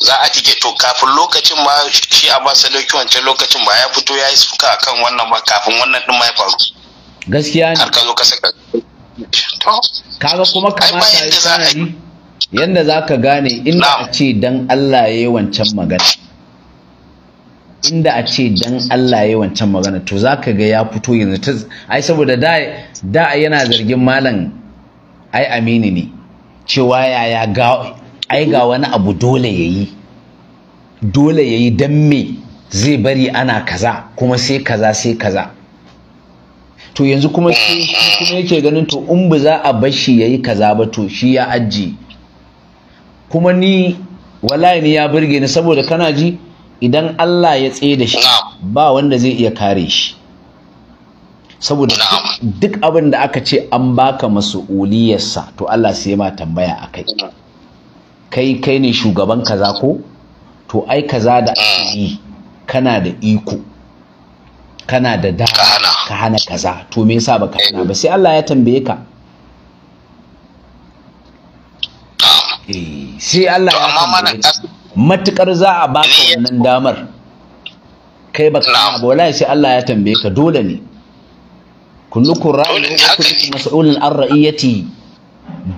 [SPEAKER 2] za a tike to kafin lokacin ba shi a basa dauki wancan lokacin ba ya fito ya yi suka akan wannan ba kafin wannan din ma ya faru
[SPEAKER 1] gaskiya ne ka zo ka saka kaga kuma kamata ya sanani yanda za ka gane inda a ce dan Allah ya yi wancan magana inda a ce dan Allah ya wancan magana to za ka ga ya fito yanzu ai saboda da da yana zargin malam ai amini ne cewa yaya ga ai ga wani abu dole ya yi dole ya yi don me zai bari ana kaza kuma sai kaza sai kaza to yanzu kuma kuma yake ganin to in ba za a bar shi ya yi kaza ba to shi ya ajiye kuma ni wallahi ni ya burge ni saboda kana ji idan Allah ya tsaye da shi ba wanda zai iya kare shi saboda duk abin da aka ce an baka masu masu'uliyarsa to Allah sai ma tambaya akai kai kai ne shugaban kaza ko to ai kaza da ake ah. yi kana da iko kana da da ka hana kaza to me yasa baka hana ba sai Allah ya tambaye ka eh, sai Allah ya tambaye ka matukar za a baka wannan damar kai baka hana ba wallahi sai Allah ya tambaye ka dole ne kullukun ra'ayi kullukun mas'ulun an ra'iyati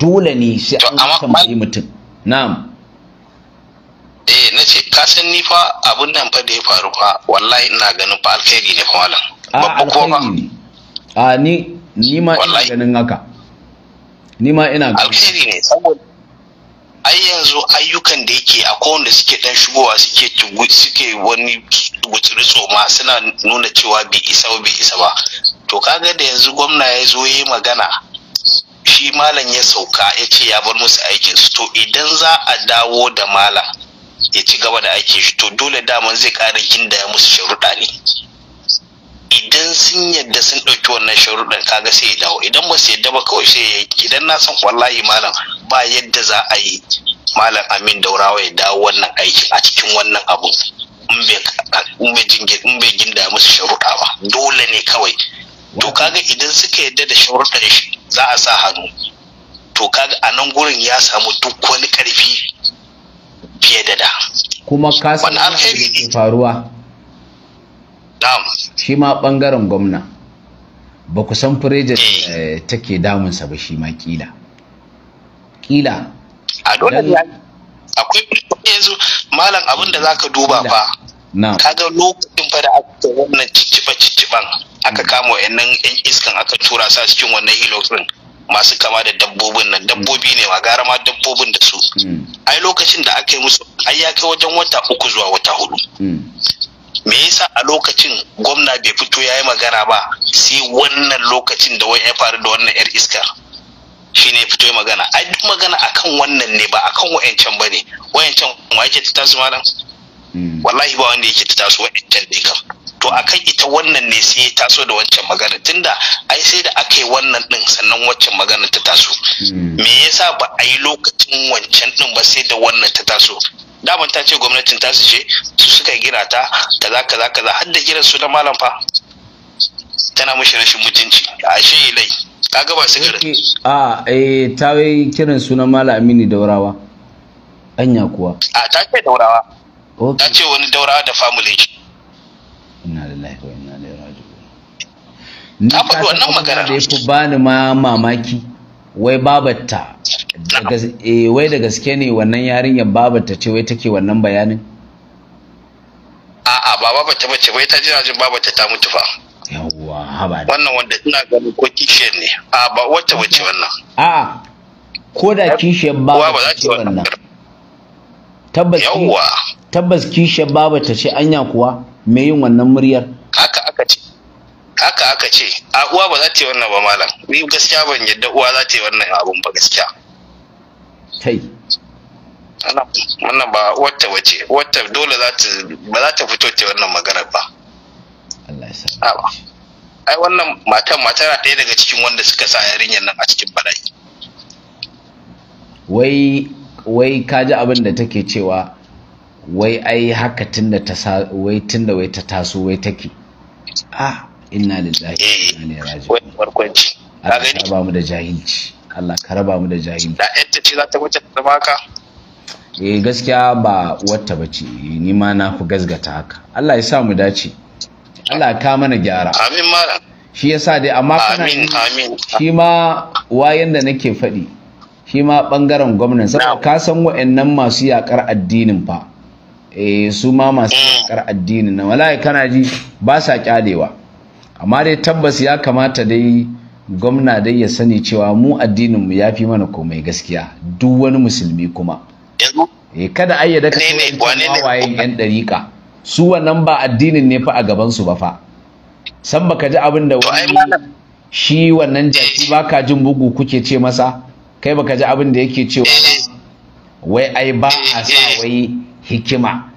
[SPEAKER 1] dole ne sai an tambaye mutum na'am eh na ce ka san ni fa abun nan fa da ya faru fa
[SPEAKER 2] wallahi ina ganin fa alkhairi ne fa malam
[SPEAKER 1] ah, babba ko ba a ni ni ma ina ganin haka ni ma ina ganin alkhairi ne saboda ai
[SPEAKER 2] yanzu ayyukan da yake a kowanne suke dan shigowa suke suke wani gutsuri tsoma suna nuna cewa bi isa ba isa ba to kaga da yanzu gwamna ya zo yi magana shi malam ya sauka ya ce ya bar musu aikin su to idan za a dawo da malam ya ci gaba da aikin shi to dole daman zai ƙara gindaya musu sharuɗa ne idan sun yadda sun ɗauki wannan sharuɗan kaga sai ya dawo idan ba su yadda ba kawai sai ya idan na san wallahi malam ba yadda za a yi malam amin daurawa ya dawo wannan aikin a cikin wannan abu in bai ginda musu sharuɗa ba dole ne kawai to kaga idan suka yadda da da shi za a sa hannu to kaga a nan gurin ya samu duk wani ƙarfi
[SPEAKER 1] fiye da da kuma ka san faruwa na'am shi ma bangaren gwamna ba ku san furejar eh. Eh, take damunsa ba shi ma kila kila a dole
[SPEAKER 2] akwai yanzu malam abin da zaka duba fa kaga lokacin fa da aka wannan cicciba cicciban aka hmm. kama wayannan yan iskan aka tura sa cikin wannan ilox din masu kama da dabbobin nan dabbobi ne ma gara ma dabbobin da su hmm. ai lokacin da aka yi musu ai ya kai wajen wata uku zuwa wata hudu hmm. me yasa a lokacin gwamna bai fito ya yi magana ba sai wannan lokacin da wani ya faru da wannan yar iska shi ne fito magana Ai duk magana akan wannan ne ba akan wayancan ba ne wa yake ta tasu malam wallahi ba wanda yake ta tasu wa'ancan ne kam to a kan ita wannan ne sai ya taso da wancan magana tunda ai sai da aka yi wannan din sannan wancan magana ta taso hmm. me yasa ba a yi lokacin wancan din ba sai da wannan ta taso daman ta ce gwamnatin ta su ce su suka gina ta kaza kaza kaza har da gidan su na malam fa tana mishi rashin mutunci a shi lai ka ba su garin
[SPEAKER 1] a eh ta yi kiran na malam amini daurawa anya kuwa
[SPEAKER 2] a ta ce daurawa ta ce wani daurawa da family
[SPEAKER 1] ni ka faɗi wannan magana da yafi bani ma mamaki wai babatta eh wai da gaske ne wannan yarinyar babatta ce wai take wannan bayanin
[SPEAKER 2] a'a ba babatta bace wai ta jira jin babatta ta mutu fa yawwa haba wannan wanda ina ganin ko kishiyar
[SPEAKER 1] ne a ba wacce bace wannan a'a ko da kishiyar babatta ce wannan tabbas yawwa tabbas kishiyar babatta ce anya kuwa me yin wannan muryar haka aka ce
[SPEAKER 2] haka aka ce a uwa ba za ta yi wannan ba malam ni gaskiya ban yadda uwa za ta yi wannan abun ba gaskiya kai wannan ba wata wace wata dole za ta ba za ta fito ta wannan magana ba Allah ya sa ai wannan matan mata na ɗaya daga cikin wanda suka
[SPEAKER 1] sa yarinyar nan a cikin bala'i wai wai kaji abin da take cewa wai ai haka tunda ta wai tunda wai ta taso wai take ah inna lillahi wa inna ilaihi eh, raji'un wai ka mu da jahilci Allah ka raba mu da jahilci da yadda ce za ta wuce ta zama eh gaskiya ba wata bace ni ma na fi gazgata haka Allah ya sa mu dace Allah ka mana gyara amin malam shi yasa dai amma kana amin amin shi ma wayan da nake faɗi shi ma bangaren gwamnati saboda ka san wa'annan masu yakar addinin fa eh su ma masu mm. yakar addinin nan wallahi kana ji ba sa kyalewa amma dai tabbas ya kamata dai gwamna dai ya sani cewa mu addininmu ya fi mana komai gaskiya duk wani musulmi kuma e kada ayyada ka wawayen yan ɗariƙa su wannan ba addinin ne fa a gabansu ba fa san baka ji abin da wani shi wannan jaki ka jin bugu kuke ce masa kai baka ji abin da yake cewa eh. wai ai ba eh, a sa wai hikima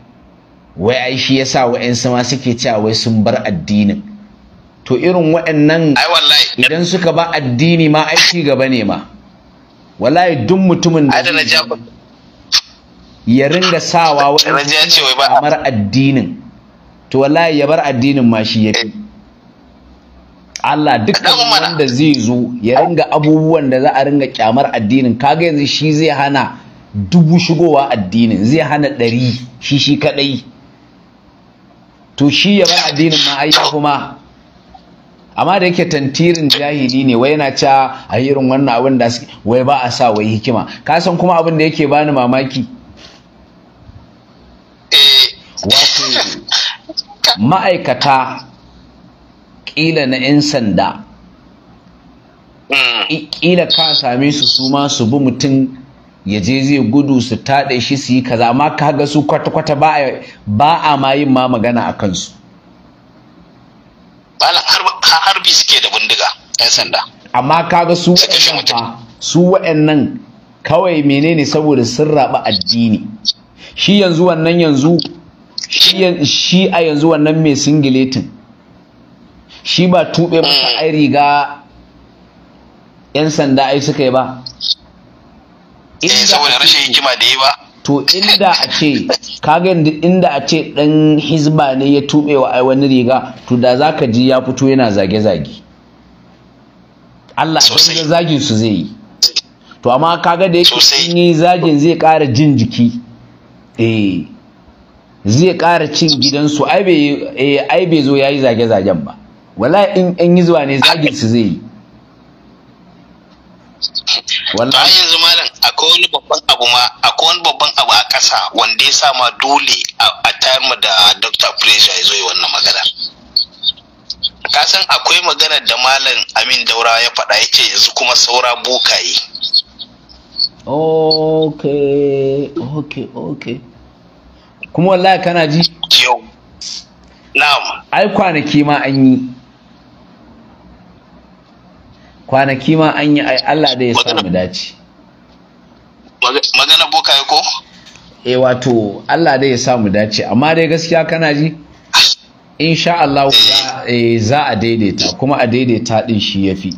[SPEAKER 1] wai ai shi yasa wa'yansu ma suke cewa wai sun bar addinin to irin waɗannan idan suka ba addini ma aiki gaba ne ma wallahi duk mutumin da ya ringa sawa waɗansu kamar addinin to wallahi ya bar addinin ma shi ya fi eh. Allah dukkan wanda zai zo ya ringa abubuwan da za a ringa kyamar addinin kaga yanzu shi zai hana dubu shigowa addinin zai hana ɗari shi shi kaɗai to shi ya bar addinin ma ai kuma amma da yake tantirin jahili ne wai yana ca a irin wannan abin da suke wai ba a sa wai hikima ka san kuma abin da yake bani mamaki eh. wato ma'aikata ƙila na 'yan sanda mm. ƙila ka same su su ma su bi mutum ya je zai gudu su taɗe shi su yi kaza amma kaga su kwata-kwata ba a ma yin ma magana a kansu Ka harbi suke da bindiga yan sanda amma kaga su su wa'annan kawai menene saboda sun raba addini shi yanzu wannan yanzu shi a yanzu wannan mai singiletin shi ba tuɓe masa ai riga 'yan sanda ai suka yi ba
[SPEAKER 2] eh, saboda rashin hikima da yi
[SPEAKER 1] ba to inda a ce kaga inda a ce dan hizba ne ya tube wa ai wani riga to da zaka ji ya fito yana zage-zage Allah ya zagin su zai yi to amma kaga da yake sun yi zagin zai ƙara jin jiki eh zai ƙara cin gidansu ai bai eh, zo ya yi zage-zagen ba wala in yi zuwa ne zagin su zai yi wallahi akwai wani babban abu
[SPEAKER 2] ma akwai wani babban abu a ƙasa wanda ya sa ma dole a tayar da dr pleasure ya zo yi wannan magana ka san akwai magana da malam amin daura ya faɗa ya ce yanzu kuma saura bokaye
[SPEAKER 1] ok ok ok kuma wallahi kana ji yau na'am ai kwanaki ma an yi kwanaki ma an yi ai Allah da ya samu dace
[SPEAKER 2] magana boka ko
[SPEAKER 1] eh wato Allah dai ya sa mu dace amma dai gaskiya kana ji insha Allah za eh, a daidaita kuma a daidaita din shi yafi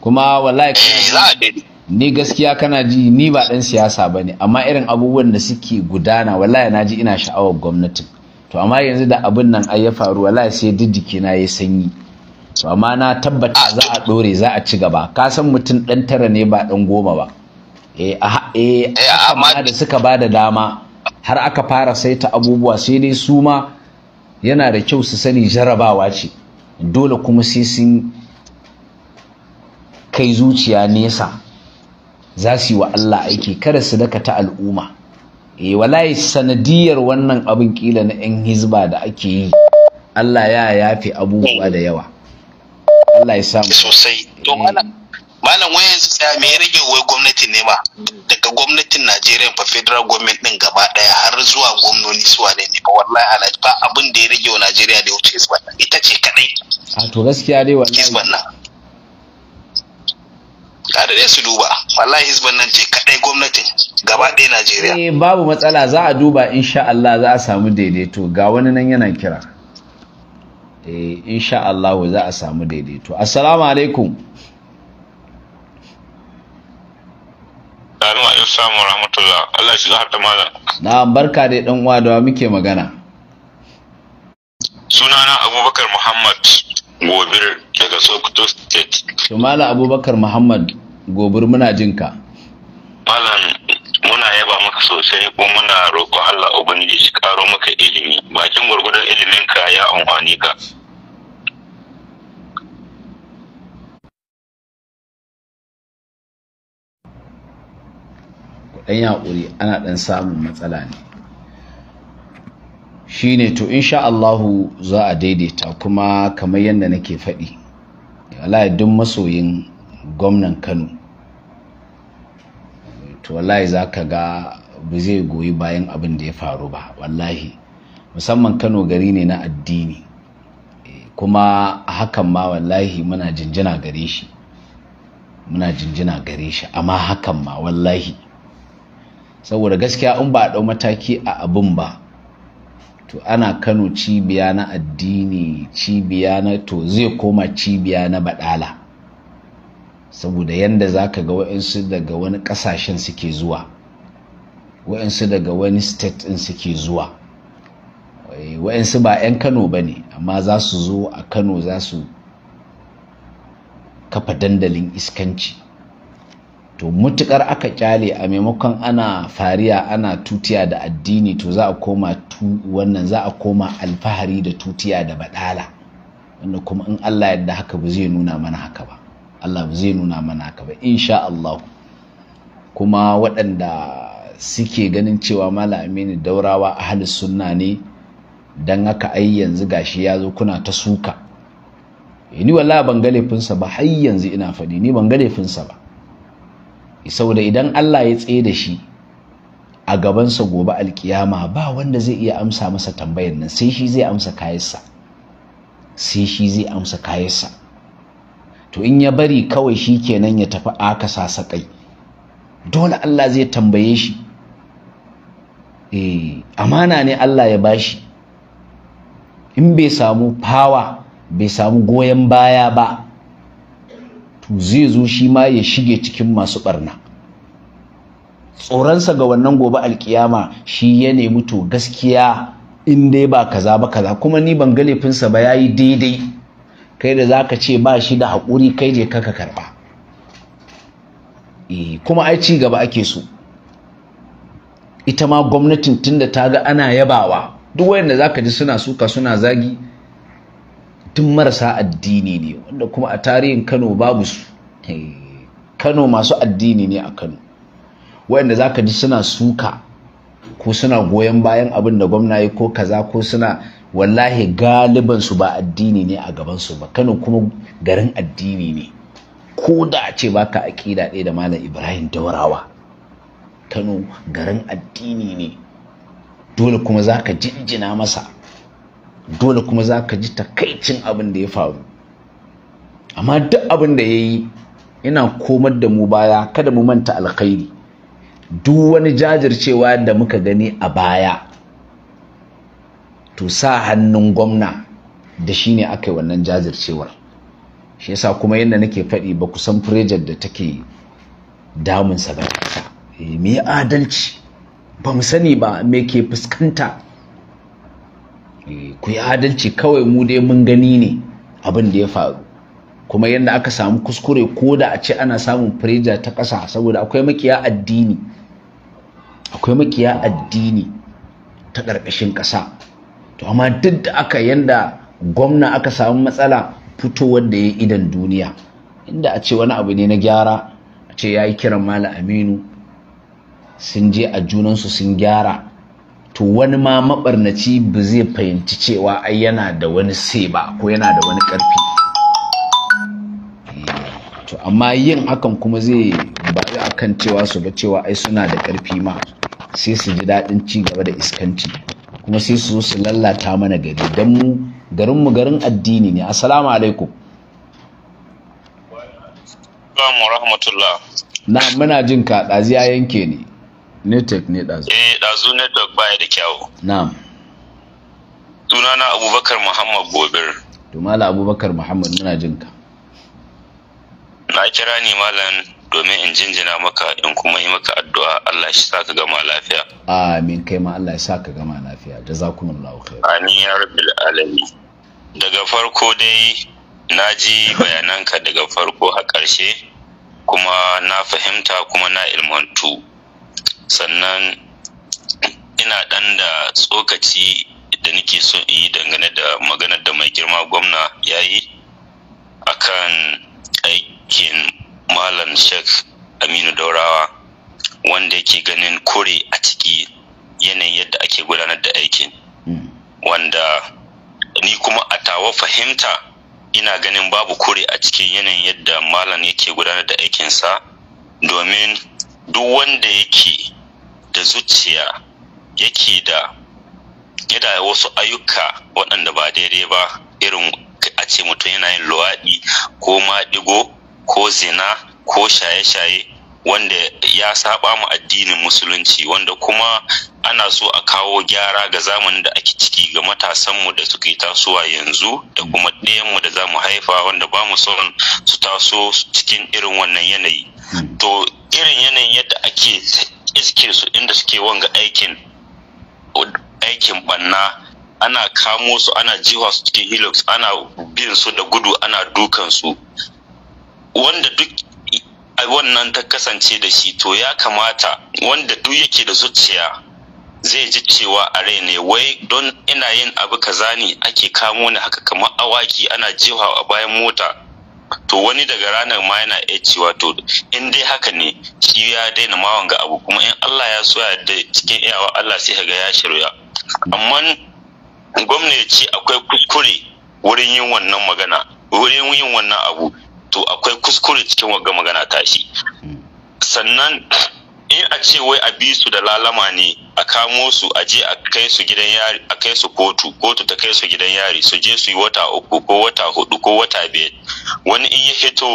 [SPEAKER 1] kuma wallahi eh, ni gaskiya kana ji ni ba dan siyasa bane amma irin abubuwan da suke gudana wallahi naji ina sha'awar gwamnati to amma yanzu da abin nan ai ya faru wallahi sai diddiki na yayi sanyi to amma na tabbata za a dore za a ci gaba ka san mutum dan tara ne ba dan goma ba eh, eh, eh amma da suka ba da dama har aka fara saita abubuwa sai dai su ma yana da kyau su sani jarabawa ce dole kuma sai sun kai zuciya nesa za su yi wa Allah aiki kada su daka ta al'umma e wallahi sanadiyar wannan abin kila na yan hizba da ake yi Allah ya yafi abubuwa da yawa Allah ya samu sosai
[SPEAKER 2] malam wayan su tsaya me ya rage wai gwamnati ne ma daga gwamnatin Najeriya fa federal government din gaba daya har zuwa gwamnoni su wane ne ba wallahi
[SPEAKER 1] alhaji ba abin da ya rage wa Najeriya da ya wuce su nan ita ce kadai a to gaskiya dai wallahi hisban nan
[SPEAKER 2] kada dai su duba wallahi hisban nan ce kadai gwamnatin gaba daya
[SPEAKER 1] Najeriya eh babu matsala za a duba insha Allah za a samu daidaito ga wani nan yana kira eh insha Allah za a samu daidaito assalamu alaikum Assalamu in samu rahmatullah. Allah shi zahata mala. Na barka dai ɗan uwa da muke magana.
[SPEAKER 3] Sunana Abubakar Muhammad Gobir daga Sokoto State.
[SPEAKER 1] Tumala Abubakar Muhammad Gobir muna jin ka.
[SPEAKER 3] Malam muna yaba maka sosai ko muna roƙo Allah ubangiji shi karo maka ilimi. Bakin ilimin ka ya amfani ka.
[SPEAKER 1] ɗan yaƙuri ana ɗan samun matsala ne shi ne to insha Allahu za a daidaita kuma kamar yadda nake faɗi wallahi duk masoyin gwamnan kano to wallahi za ka ga ba zai goyi bayan abin da ya faru ba wallahi musamman kano gari ne na addini kuma hakan ma wallahi muna jinjina gare shi muna jinjina gare shi amma hakan ma wallahi saboda gaskiya in ba a ɗau mataki a abin ba to ana kano cibiya na addini cibiya na to zai koma cibiya na badala. saboda yadda za ka ga wa'insu daga wani ƙasashen suke zuwa wa'insu daga wani state ɗin suke zuwa eh, wa'insu ba 'yan kano ba ne amma za su zo a kano za su kafa dandalin iskanci to mutukar aka kyale a maimakon ana fariya ana tutiya da addini to za a koma tu wannan za a koma alfahari da tutiya da badala wanda kuma in Allah yadda haka ba zai nuna mana haka ba Allah ba zai nuna mana haka ba insha Allah kuma waɗanda suke ganin cewa Malam Aminu Daurawa ahlus sunna ne dan haka ai yanzu gashi ya zo kuna ta suka eh, ni wallahi ban ga laifinsa ba har yanzu ina faɗi ni ban ga laifinsa ba saboda idan Allah ya tsaye da shi a gabansa gobe alkiyama ba wanda zai iya amsa masa tambayar nan sai shi zai amsa kayansa sai shi zai amsa kayansa to in ya bari kawai shi kenan ya tafi aka sasa kai dole Allah zai tambaye shi eh amana ne Allah ya bashi in bai samu fawa bai samu goyon baya ba to zai zo shi ma ya shige cikin masu barna tsoronsa ga wannan gobe alkiyama shi ya nemi to gaskiya in dai ba kaza ba kaza kuma ni ban ga laifinsa ba yayi daidai kai da zaka ce ba shi da haƙuri kai je kaka karɓa e, kuma ai ci gaba ake so ita ma gwamnatin tunda ta ga ana yabawa duk wayanda zaka ji suna suka suna zagi tun marasa addini ne wanda kuma a tarihin kano babu su eh, kano masu addini ne a kano wayanda za ka ji suna suka ko suna goyon bayan abin da gwamna ya ko kaza ko suna wallahi galiban su ba addini ne a gaban su ba kano kuma garin addini ne ko da a ce baka akida ɗaya da malam ibrahim daurawa kano garin addini ne dole kuma za ka jinjina masa dole kuma za ka ji takaicin abin da ya faru amma duk abin da ya yi yana komar da mu baya kada mu manta alkhairi duk wani jajircewa da muka gani a baya to sa hannun gwamna da shi ne aka yi wannan jajircewar shi yasa kuma yadda nake faɗi ba ku san furejar da take damunsa ba eh, me adalci ba mu sani ba me ke fuskanta Eh, ku yi adalci kawai mu dai mun gani ne abin da ya faru kuma yadda aka samu kuskure ko da a ce ana samun firija ta ƙasa saboda akwai makiya addini akwai makiya addini ta ƙarƙashin ƙasa to amma duk da aka yanda gwamna aka samu matsala fitowar da ya idan duniya inda a ce wani abu ne na gyara a ce ya yi kiran mala aminu sun je a junansu sun gyara to wani ma mabarnaci ba zai fahimci cewa ai yana da wani sai ba ko yana da wani ƙarfi to amma yin hakan kuma zai bayu akan cewa su ba cewa ai suna da ƙarfi ma sai su ji daɗin ci gaba da iskanci kuma sai su zo su lallata mana gari don mu garin mu garin addini ne assalamu alaikum Na muna jin ka ɗaziya yanke ne. network ne ɗazu
[SPEAKER 3] eh ɗazu network baya da kyawu na'am sunana abubakar muhammad gobir
[SPEAKER 1] to mala abubakar muhammad muna jin ka
[SPEAKER 3] na kira ni malam domin in jinjina maka in kuma yi maka addu'a Allah shi sa ka gama lafiya
[SPEAKER 1] amin kai ma Allah ya sa ka gama lafiya jazakumullahu
[SPEAKER 3] khair amin ya rabbil alamin daga farko dai na ji bayananka daga farko a ƙarshe kuma na fahimta kuma na ilmantu sannan ina ɗan da tsokaci da nake so in yi dangane da maganar da mai girma gwamna ya yi a kan aikin malam sheikh aminu daurawa wanda yake ganin kore a ciki yanayin yadda ake gudanar da aikin hmm. wanda ni kuma a tawa fahimta ina ganin babu kore a cikin yanayin yadda malam yake gudanar da aikinsa domin duk wanda yake da zuciya yake da yada wasu ayyuka waɗanda ba daidai ba irin a ce mutum yana yin luwaɗi ko maɗigo ko zina ko shaye-shaye wanda ya saba mu addinin musulunci wanda kuma ana so a kawo gyara ga zamanin da ake ciki ga matasanmu da suke tasowa yanzu da kuma ɗayanmu da za mu haifa wanda ba mu son su taso cikin irin wannan yanayi hmm. to irin yanayin yadda ake iske su inda suke wanga aikin aikin banna ana kamo su ana jiwa su cikin ana bin su da gudu ana dukan su wanda duk wannan ta kasance da shi to ya kamata wanda duk yake da zuciya zai ji cewa a rai ne wai don ina yin abu kaza ne ake kamo ni haka kamar awaki ana jiwa a bayan mota to wani daga ranar ma yana iya cewa to in dai haka ne shi ya daina ma wanga abu kuma in Allah ya so ya da cikin iyawa Allah sai ga ya shirya amma gwamnati akwai kuskure wurin yin wannan magana wurin yin wannan abu to akwai kuskure cikin wagga magana tashi hmm. sannan in a ce wai a bi su da lalama ne a kamo su a je a kai su kotu kotu ta kai su gidan yari su je su yi wata uku ko wata hudu ko wata biyar wani in ya hito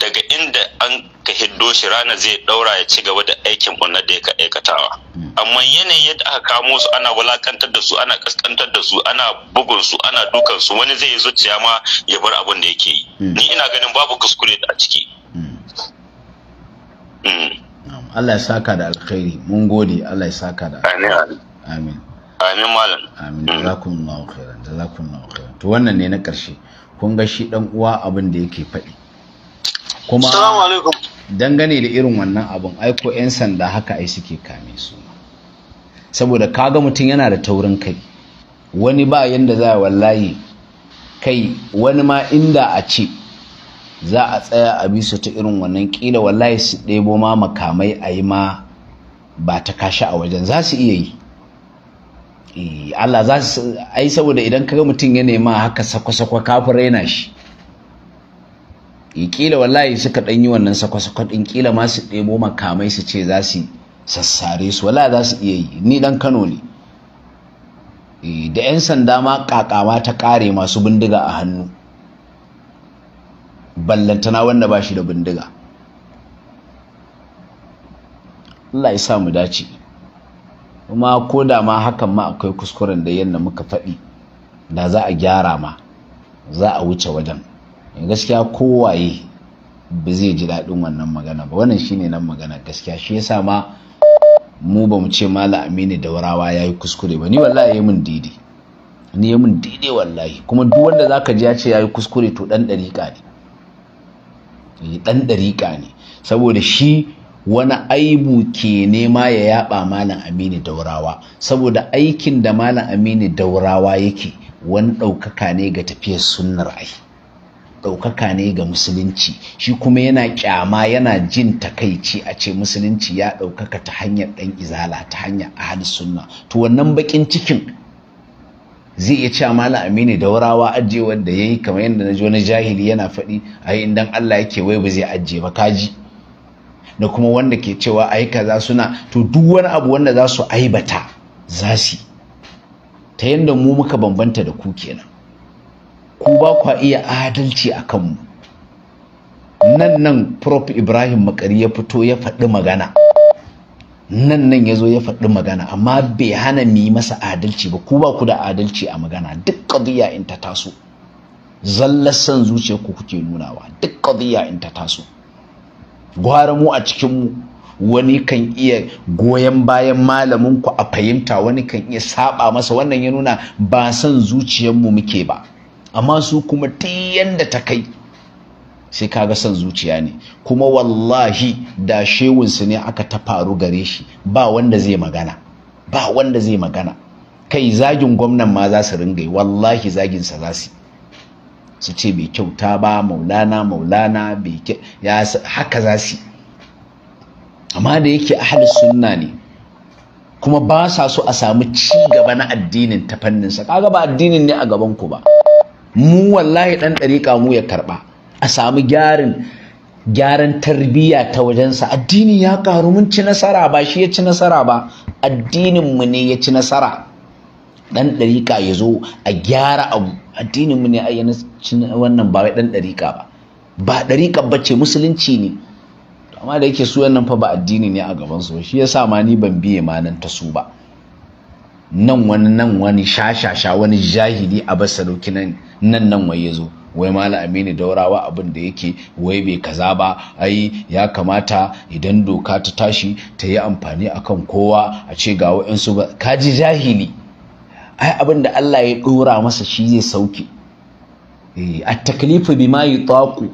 [SPEAKER 3] daga inda an ka hiddo shi rana zai daura ya ci gaba da aikin ɓarnar da ya ka aikatawa hmm. amma yanayin yadda aka kamo su ana wulakantar da su ana kaskantar da su ana bugun su ana dukan su wani zai yi zuciya ma ya bar abin da yake yi hmm. ni ina ganin babu kuskure a ciki
[SPEAKER 1] hmm. Allah ya saka da alkhairi mun gode Allah ya saka da alkhairi amin amin malam amin jazakumullahu khairan jazakumullahu khairan to wannan ne na karshe kun ga shi dan uwa abin da yake faɗi kuma assalamu alaikum dangane da irin wannan abin ai ko yan sanda haka ai suke kame su saboda kaga mutum yana da taurin kai wani ba yanda za wallahi kai wani ma inda a ce za a tsaya a bisa ta irin wannan kila wallahi su ɗebo ma makamai a yi ma ba ta kashi a wajen za su iya yi eh, Allah za su ai saboda idan kaga mutum ya nema haka sakwa-sakwa kafin raina shi kila eh, wallahi suka ɗan yi wannan sakwa-sakwa ɗin kila ma su ɗebo makamai su ce za su sassare su wallahi za su iya yi ni ɗan Kano ne eh, da 'yan sanda ma kakama ta ƙare masu bindiga a hannu ballantana wanda ba shi da bindiga Allah ya sa mu dace kuma ko da ma hakan ma akwai kuskuren da yadda muka faɗi da za a gyara ma za a wuce wajen gaskiya kowaye ba zai ji daɗin wannan magana ba wannan shine nan magana gaskiya shi yasa ma mu ba mu ce mala aminu daurawa ya yi kuskure ba ni wallahi ya yi min daidai ni ya min daidai wallahi kuma duk wanda zaka ji ya ce ya yi kuskure to ɗan ɗari ne dan dariƙa ne saboda shi wani aibu ke nema ya yaba malam aminu daurawa saboda aikin da malam aminu daurawa yake wani ɗaukaka ne ga tafiyar sunnar ai ɗaukaka ne ga musulunci shi kuma yana kyama yana jin takaici a ce musulunci ya ɗaukaka ta hanyar ɗan izala ta hanyar ahal sunna to wannan baƙin cikin zai iya cewa malam aminu da warawa ajiye wanda ya yi kamar yadda na ji wani jahili yana faɗi a yi dan allah yake wai ba zai ajiye ba kaji da kuma wanda ke cewa a za kaza suna to duk wani abu wanda za su aibata za su ta yadda mu muka bambanta da ku kenan ku ba kwa iya adalci a kanmu nan nan prof ibrahim makari ya fito ya faɗi magana nan nan ya zo ya faɗi magana amma bai hana mu yi masa adalci ba ku ba ku da adalci a magana duk qadiya in ta taso zallar san zuciya ku kuke nunawa duk qadiya in ta taso gwara mu a cikin mu wani kan iya goyon bayan malamin ku a fahimta wani kan iya saba masa wannan ya nuna ba san zuciyar mu muke ba amma su kuma ta yanda ta kai sai kaga son zuciya ne kuma wallahi da shewunsu ne aka ta faru gare shi ba wanda zai magana ba wanda zai magana kai zagin gwamnan ma za su ringa wallahi zaginsa za su su ce bai kyauta ba maulana maulana bai ya haka za su amma da yake ahli sunna ne kuma ba sa so a samu ci gaba na addinin ta fannin sa. kaga ba addinin ne a gaban ku ba mu wallahi dan dariƙa mu ya karba a samu gyarin gyaran tarbiyya ta wajensa addini ya karu mun ci nasara ba shi ya ci nasara ba addininmu ne ya ci nasara ɗan ɗariƙa ya zo a gyara abu addininmu ne a wannan ba wai ɗan ɗariƙa ba ba ɗariƙa ba ce musulunci ne amma da yake su wannan fa ba addini ne a gaban su shi yasa ma ni ban biye ma nan ta su ba nan wani nan wani shashasha wani jahili a basa nan nan nan wai ya zo wai malam daurawa abin da yake wai bai kaza ba ai ya kamata idan doka ta tashi ta yi amfani akan kowa a ce ga wa'insu ba kaji jahili ai abin da Allah ya ɗora masa shi zai sauke eh, a taklifu bima yutaqu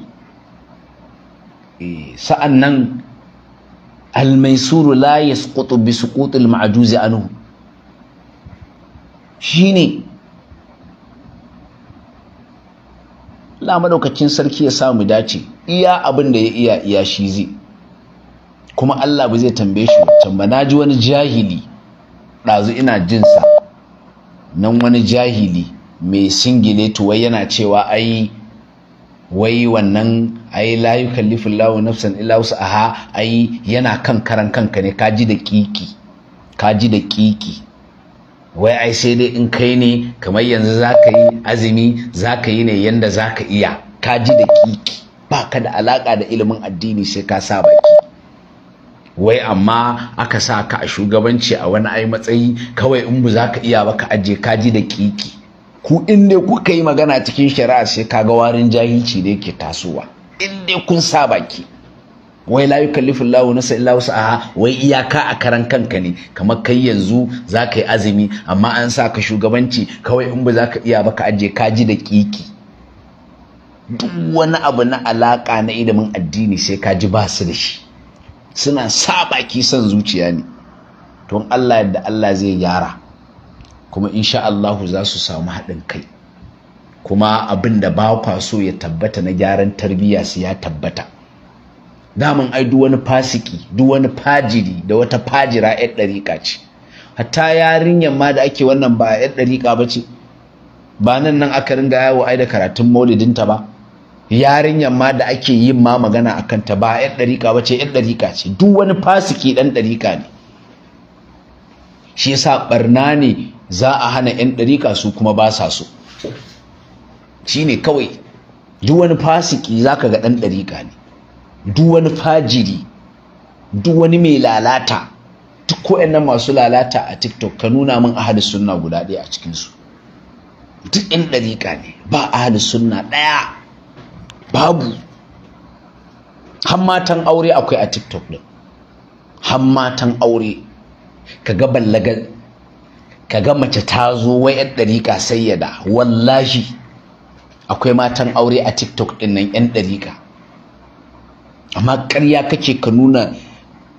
[SPEAKER 1] eh sa'an nan almaisuru la yasqutu bi suqutil ma'juzi anhu shine Allah maɗaukacin sarki ya samu dace iya abin da ya iya iya shi zai kuma Allah ba zai tambaye shi tamba na ji wani jahili ɗazu ina jinsa nan wani jahili mai singile wai yana cewa ai wai wannan ai la yukallifu Allahu nafsan illa wus'aha ai yana kan karan kanka ne kaji da kiki kaji da kiki wai ai sai dai in kai ne kamar yanzu za ka yi azumi za ka yi ne yanda za ka iya ka ji da kiki ba ka da alaƙa da ilimin addini sai ka sa baki wai amma aka sa ka a shugabanci a wani ai matsayi kawai in ba za ka iya ba ka aje ka ji da kiki ku in dai kuka yi magana cikin shari'a sai ka ga warin jahilci ne ke tasowa in dai kun sa baki wai la yukallifu Allahu nafsan illa wus'aha wai iyaka a karan kanka ne kamar kai yanzu za ka yi azumi amma an sa ka shugabanci kawai in ba za ka iya ba ka aje ka ji da kiki duk wani abu na alaka na ilimin addini sai ka ji ba su da shi suna sa baki son zuciya ne Tun Allah yadda Allah zai gyara kuma insha Allahu za su samu haɗin kai kuma abin da ba kwa so ya tabbata na gyaran tarbiyya su ya tabbata daman ai duk wani fasiki duk wani fajiri da wata fajira yar dariƙa ce hatta yarinyar ma da ake wannan ba yar dariƙa ba ce ba nan nan aka ringa yawo ai da karatun ta ba yarinyar ma da ake yin ma magana a kanta ba yar dariƙa ba ce yar dariƙa ce duk wani fasiki ɗan dariƙa ne shi yasa ɓarna ne za a hana 'yan dariƙa su kuma ba sa so shi kawai duk wani fasiki za ga ɗan dariƙa ne duk wani fajiri duk wani mai lalata duk nan masu lalata a tiktok ka nuna min ahadu sunna guda ɗaya a cikinsu duk in ɗariƙa ne ba ahadu sunna ɗaya babu hammatan aure akwai a tiktok ɗin hammatan aure ka ga ballagar ka ga mace ta zo wai yan ɗariƙa sayyada wallahi akwai matan aure a tiktok ɗin nan yan ɗariƙa amma karya kake ka nuna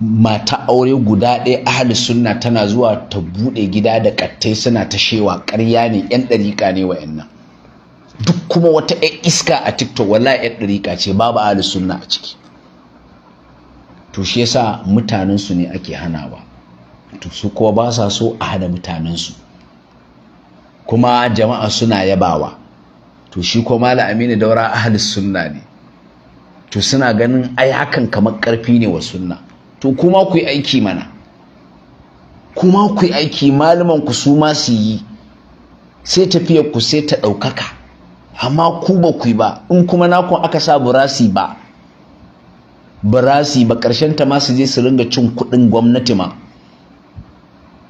[SPEAKER 1] mata aure guda ɗaya ahli sunna tana zuwa ta buɗe gida da kattai suna ta shewa karya ne yan ɗariƙa ne wa yannan duk kuma wata yan iska a tiktok wala yan ɗariƙa ce babu ahli sunna a ciki to shi yasa mutanensu ne ake hanawa to su kuwa ba sa so a hana mutanensu kuma jama'a suna yabawa to shi kuma malam aminu daura ahli sunna ne to suna ganin ai hakan kamar ƙarfi ne wa sunna to kuma ku yi aiki mana kuma ku yi aiki malaman ku su ma su yi sai tafiyar ku sai ta ɗaukaka amma ku ba ku yi ba in kuma nakon aka sa burasi ba burasi ba ƙarshen ta ma su je su ringa cin kuɗin gwamnati ma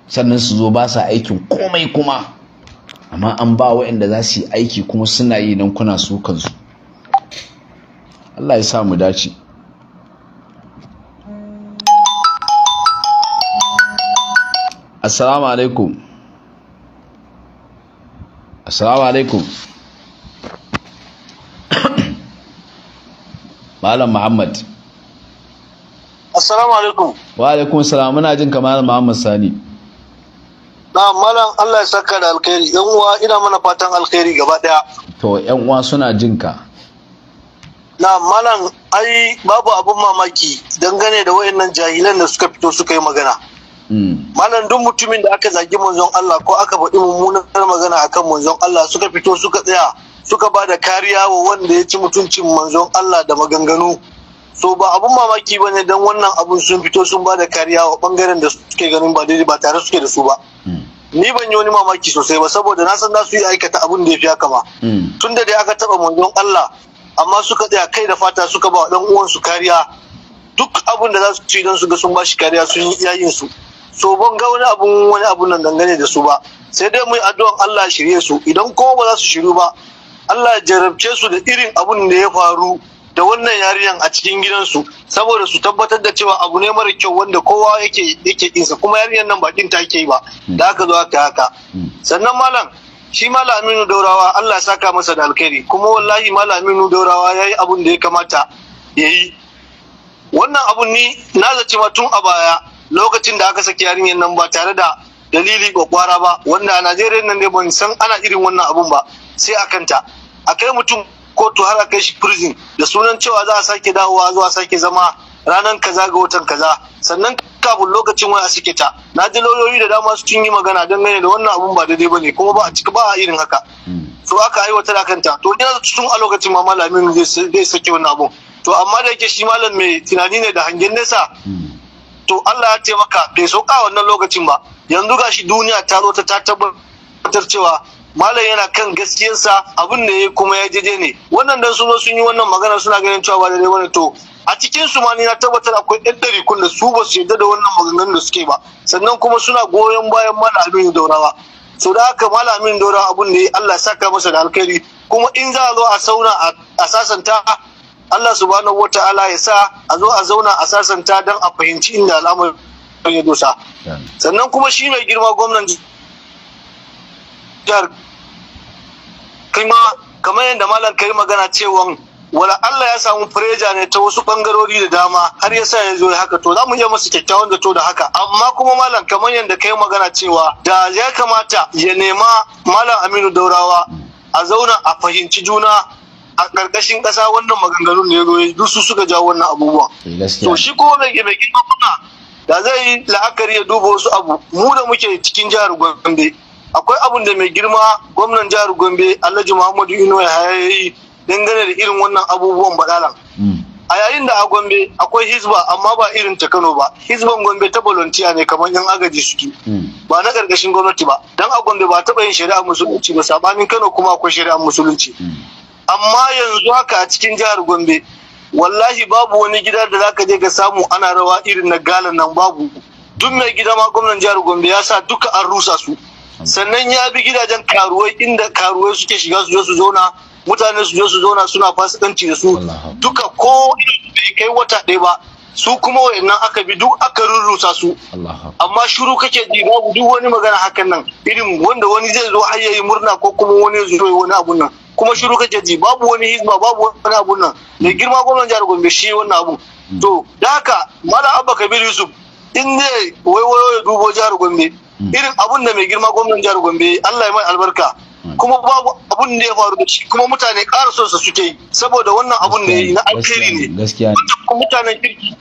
[SPEAKER 1] sannan su zo ba sa aikin komai kuma amma an ba waɗanda za su yi aiki kuma suna yi nan kuna su kansu Allah ya sa mu dace assalamu alaikum assalamu alaikum malam muhammad assalamu alaikum wa alaikum assalam muna jin ka malam muhammad sani
[SPEAKER 4] na malam allah ya saka da alkhairi yan uwa ina mana fatan alkhairi gaba daya
[SPEAKER 1] to yan uwa suna jin ka
[SPEAKER 4] na malam ai babu abin mamaki dangane da wayannan jahilan da suka fito suka yi magana hmm. malam duk mutumin da aka zagi manzon Allah ko aka faɗi mummunar magana akan manzon Allah suka fito suka tsaya suka ba da kariya wa wanda ya ci mutuncin manzon Allah da maganganu so ba abun mamaki ba ne don wannan abun sun fito sun ba da kariya wa bangaren da suke ganin ba daidai ba tare suke da su ba hmm. ni ban yi wani mamaki sosai ba saboda na san za su yi aikata abun da ya fi haka ba. Hmm. tun da dai aka taba manzon Allah amma suka tsaya kai da fata suka ba dan uwansu kariya duk abin da za su ci don su ga sun ba shi kariya sun yi yayin su so ban ga wani abun wani abun nan dangane da su ba sai dai mu yi addu'an Allah shirye su idan ko ba za su shiru ba Allah jarabce su da irin abun da ya faru da wannan yarinyan a cikin gidansu saboda su tabbatar da cewa abu ne mara kyau wanda kowa yake yake kinsa kuma yarinyan nan bakin ta yake ba da haka zo haka haka hmm. sannan malam shi malaminu daurawa Allah saka masa da alkhairi kuma wallahi malaminu daurawa ya yi abun da ya kamata ya yi wannan abun ni na zaci ma tun a baya lokacin da aka saki yarinyar nan ba tare da dalili kwakwara ba wanda a najeriya nan ne ban san ana irin wannan abun ba sai a kanta a kai mutum kotu har a kai shi prison da sunan cewa za a sake dawowa zuwa sake zama ranar kaza ga watan kaza sannan kafin lokacin waya suke ta na ji lauyoyi da dama sun yi magana dangane da wannan abun ba daidai bane kuma ba a cika ba a irin haka hmm. to aka aiwatar akan ta to ina sun a lokacin ma malamin zai sake wannan abun to amma da yake shi malam mai tunani ne da hangen nesa hmm. to Allah ya taimaka bai so ka wannan lokacin ba yanzu gashi duniya ta zo ta tabbatar cewa malam yana kan gaskiyarsa abin da ya kuma ya jeje ne wannan dan su sun yi wannan magana suna ganin cewa ba daidai bane to a cikin su ma ni na tabbatar akwai ɗan ɗari da su ba su yarda da wannan maganganun da suke ba sannan kuma suna goyon bayan malamin daurawa so da haka malamin daurawa abun ne Allah ya saka masa da alkhairi kuma in za a zo a sauna a sasanta Allah subhanahu wataala ya sa a zo a zauna a sasanta don a fahimci inda al'amarin ya dosa sannan kuma shi mai girma gwamnan jihar ma kamar yadda malam kai magana cewa wala Allah ya samu fureja ne ta wasu bangarori da dama har yasa ya zo haka to za mu iya masa kyakkyawan zato da haka amma kuma malam kamar yadda kai magana cewa da ya kamata ya nema malam Aminu Daurawa a zauna a fahimci juna a ƙarƙashin ƙasa wannan maganganun ne ya duk su suka jawo wannan abubuwan
[SPEAKER 1] eh, to shi
[SPEAKER 4] ko mai mai da zai yi la'akari ya duba wasu abu mu da muke cikin jihar Gombe akwai abun da mai girma gwamnan jihar Gombe Alhaji Muhammadu Inuwa ya yi dangane da irin wannan abubuwan baɗalan. Mm. a yayin da a gombe akwai hizba amma ba irin ta kano ba hizban gombe ta volunteer ne kamar yan agaji suke mm. ba na karkashin gwamnati ba dan a gombe ba taɓa yin shari'a musulunci ba sabanin kano kuma akwai shari'a musulunci mm. amma yanzu haka a cikin jihar gombe wallahi babu wani gida da zaka je ka samu ana rawa irin na galan nan babu duk mai gida ma gwamnan jihar gombe ya sa duka an rusa su sannan ya bi gidajen karuwai inda karuwai suke shiga su zo su zauna mutane su zo su zauna suna fasikanci da su duka ko bai kai wata ɗaya ba su kuma wayannan aka bi duk aka rurrusa su amma shiru kake ji babu duk wani magana hakan nan irin wanda wani zai zo har yayi murna ko kuma wani zai zo wani abun nan kuma shiru kake ji babu wani hizba babu wani abun nan mai girma gwamnan jihar Gombe shi wannan abun mm. to da haka mala abba kabir yusuf in ne waiwayo ya dubo jihar Gombe mm. irin abun da mai girma gwamnan jihar Gombe Allah ya mai albarka Hmm. kuma babu abun da ya faru da shi kuma mutane ƙara son su suke yi saboda wannan abun da ya yi na alheri ne mutanen kirki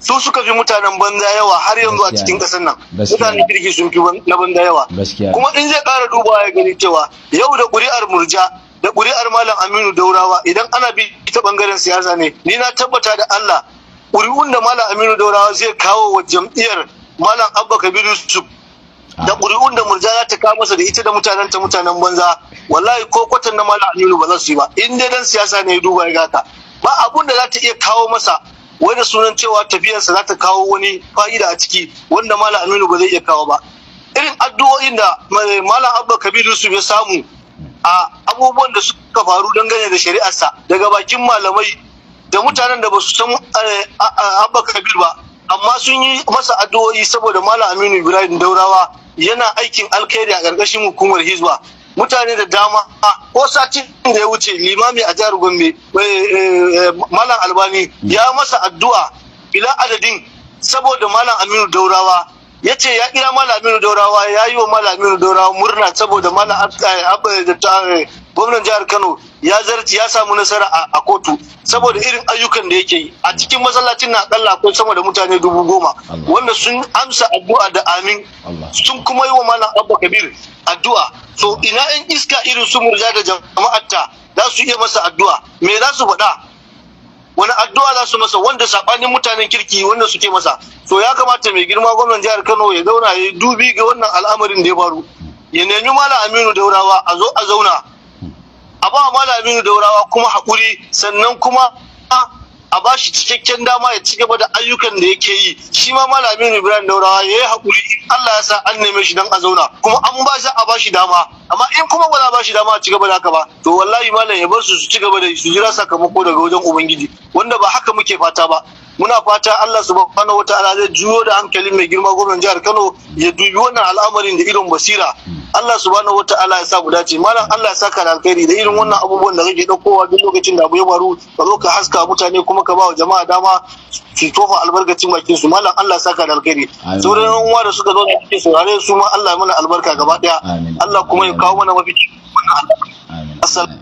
[SPEAKER 4] su suka fi mutanen banza yawa har yanzu a cikin ƙasar nan mutanen kirki sun fi na banza yawa kuma in zai ƙara dubawa ya gani cewa yau da ƙuri'ar murja da ƙuri'ar malam aminu daurawa idan ana bi ta bangaren siyasa ne ni na tabbata da allah ƙuri'un da malam aminu daurawa zai kawo wa jam'iyyar malam abba kabiru su. da ƙuri'un da murja za ta kawo masa da ita da mutanen ta mutanen banza wallahi ko kwatan na mala aminu ba za su yi ba in dai dan siyasa ne ya duba ya gaka ba abun da za ta iya kawo masa wani sunan cewa tafiyarsa za ta kawo wani fa'ida a ciki wanda mala aminu ba zai iya kawo ba irin addu'o'in da malam abba kabiru su ya samu a abubuwan da suka faru dangane da shari'arsa daga bakin malamai da mutanen da ba su san eh, abba kabir ba amma sun yi masa addu'o'i saboda malam aminu ibrahim daurawa yana aikin alkhairi a ƙarƙashin hukumar hizba mutane da dama ko satin da ya wuce limami a jihar gombe eh, eh, eh, malam albani ya masa addu'a ila adadin saboda malam aminu daurawa ya ce ya kira malam aminu daurawa ya yi wa malam aminu daurawa murna saboda malam gwamnan jihar kano ya zarci ya samu nasara a kotu saboda irin ayyukan da yake yi a cikin masallacin na akalla akwai sama da mutane dubu goma wanda sun amsa addu'a da amin sun kuma yi wa malam abba kabir addu'a so ina yan iska irin su murja da jama'atta za su iya masa addu'a me za su faɗa wani addu'a za su masa wanda sabanin mutanen kirki wanda suke masa so ya kamata mai girma gwamnan jihar Kano ya zauna ya dubi ga wannan al'amarin da ya faru ya nemi malam Aminu Daurawa a zo a zauna a ba malamin daurawa kuma haƙuri sannan kuma a ba shi cikakken dama ya ci gaba da ayyukan da yake yi shi ma malamin ibrahim daurawa ya yi haƙuri in allah ya sa an neme shi dan a zauna kuma an ba shi a ba shi dama amma in kuma ba za ba shi dama a ci gaba da haka ba to wallahi malam ya bar su su ci gaba da su jira sakamako daga wajen ubangiji wanda ba haka muke fata ba muna fata Allah subhanahu wataala zai juyo da hankalin mai girma gwamnan jihar Kano ya dubi wannan al'amarin da idon basira Allah subhanahu wataala ya sa mu dace malam Allah ya saka alkhairi da irin wannan abubuwan da kake daukowa duk lokacin da abu ya faru ka zo ka haska mutane kuma ka ba wa jama'a dama su tofa albarkacin bakin su malam Allah ya saka da alkhairi sauran yan uwa da suka zo da suke saurare su ma Allah ya mana albarka gaba daya Allah kuma ya kawo mana mafi
[SPEAKER 1] assalamu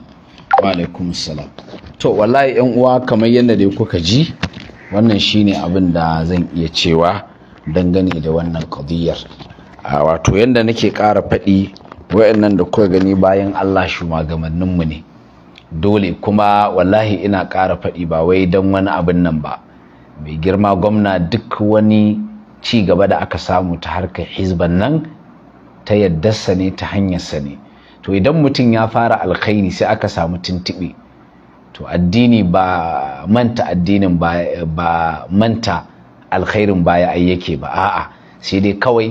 [SPEAKER 1] alaikum salam to wallahi yan uwa kamar yadda dai kuka ji wannan shine abin da zan iya cewa dangane da wannan ƙadiyar wato yadda nake ƙara faɗi wa'annan da kuka gani bayan Allah mu ne dole kuma wallahi ina ƙara faɗi ba wai don wani abin nan ba mai girma gwamna duk wani ci gaba da aka samu ta harkar hizban nan ta yaddarsa ne ta hanyarsa ne to idan mutum ya fara alkhairi sai aka samu tuntuɓe to addini ba manta addinin ba manta alkhairin baya ai yake ba a'a sai dai kawai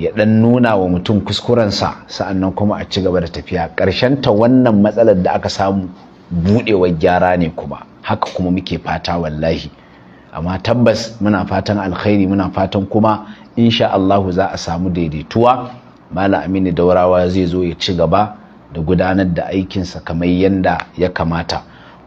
[SPEAKER 1] ya dan nuna wa mutum kuskurensa sa'annan kuma a ci gaba da tafiya ta wannan matsalar da aka samu buɗewar gyara ne kuma haka kuma muke fata wallahi amma tabbas muna fatan alkhairi muna fatan kuma insha Allah za a samu daidaituwa mala aminu daurawa zai zo ya ci gaba da gudanar da aikinsa kamar yadda ya kamata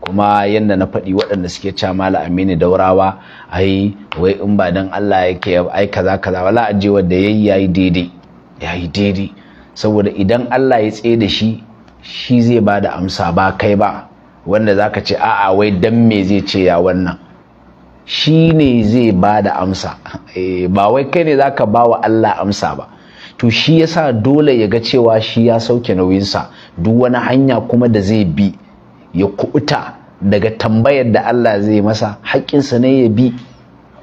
[SPEAKER 1] kuma yadda na faɗi waɗanda suke cewa mala aminu daurawa ai wai in ba don Allah yake ai kaza kaza wala aje wanda yayi yayi daidai ya yi daidai saboda idan Allah ya tsaye da shi shi zai ba da amsa ba kai ba wanda zaka ce a'a wai dan me zai ce ya wannan shi ne zai ba da amsa eh, ba wai kai ne zaka ba wa Allah amsa ba to shi yasa dole ya ga cewa shi ya sauke nauyinsa duk wani hanya kuma da zai bi ya kubuta daga tambayar da Allah zai masa haƙƙinsa ne ya bi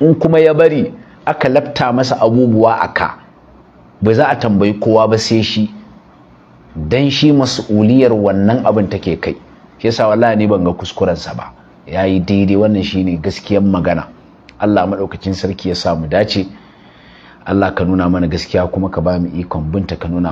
[SPEAKER 1] in kuma ya bari aka lafta masa abubuwa a ka, ba za a tambayi kowa ba sai shi Don shi mas'uliyar wannan abin take kai shi yasa wallahi ni ban ga kuskurensa ba Ya yi daidai wannan shine gaskiyar magana Allah maɗaukacin sarki ya sa mu dace Allah ka nuna mana gaskiya kuma ka ba mu
[SPEAKER 3] ikon binta ka nuna